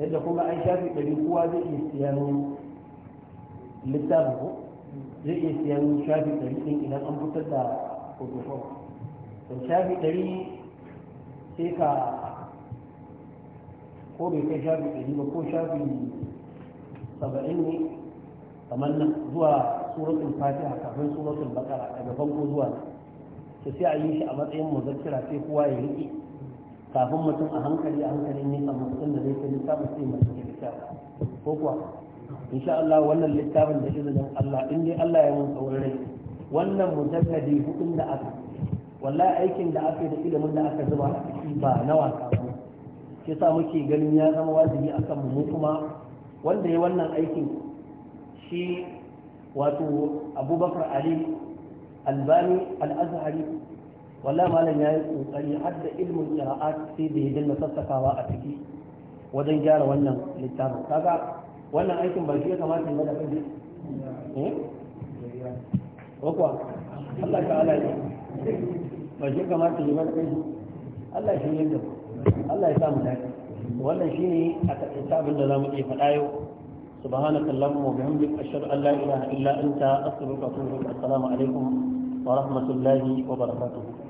yadda kuma an shafi ɗari kowa zai iya siyan littafi ko zai iya siyan shafi ɗari ɗin idan an fitar da fotokofin to shafi ɗari sai ka ko bai kai shafi ɗari ba ko shafi saba'in ne kamar nan zuwa suratul fatiha kafin suratul bakara daga banko zuwa nan to sai a yi shi a matsayin muzakkira sai kowa ya riƙe kafin mutum a hankali a hankali ne a mutum da zai kai littafin sai mutum ya littafa ko kuwa sha Allah wannan littafin da izinin Allah in dai Allah ya mun tsawon rai wannan mujaddadi hudun da aka wallahi aikin da aka yi da ilimin da aka zuba a ciki ba na wasa ba shi muke ganin ya zama wajibi akan mu kuma wanda ya wannan aikin shi wato abubakar ali albani al'azhari wallahi malam ya yi ƙoƙari har da ilmin ƙira'at sai da hidin na sassakawa a ciki wajen gyara wannan littafin kaga wannan aikin ba shi ya kamata ya da kai eh ko Allah ala ya ba shi kamata ya da kai Allah shi ne Allah ya samu dace wannan shine a takaice abin da zamu iya faɗa yau subhanaka allahumma wa bihamdika ashhadu an la ilaha illa anta astaghfiruka wa atubu alaikum wa rahmatullahi wa barakatuh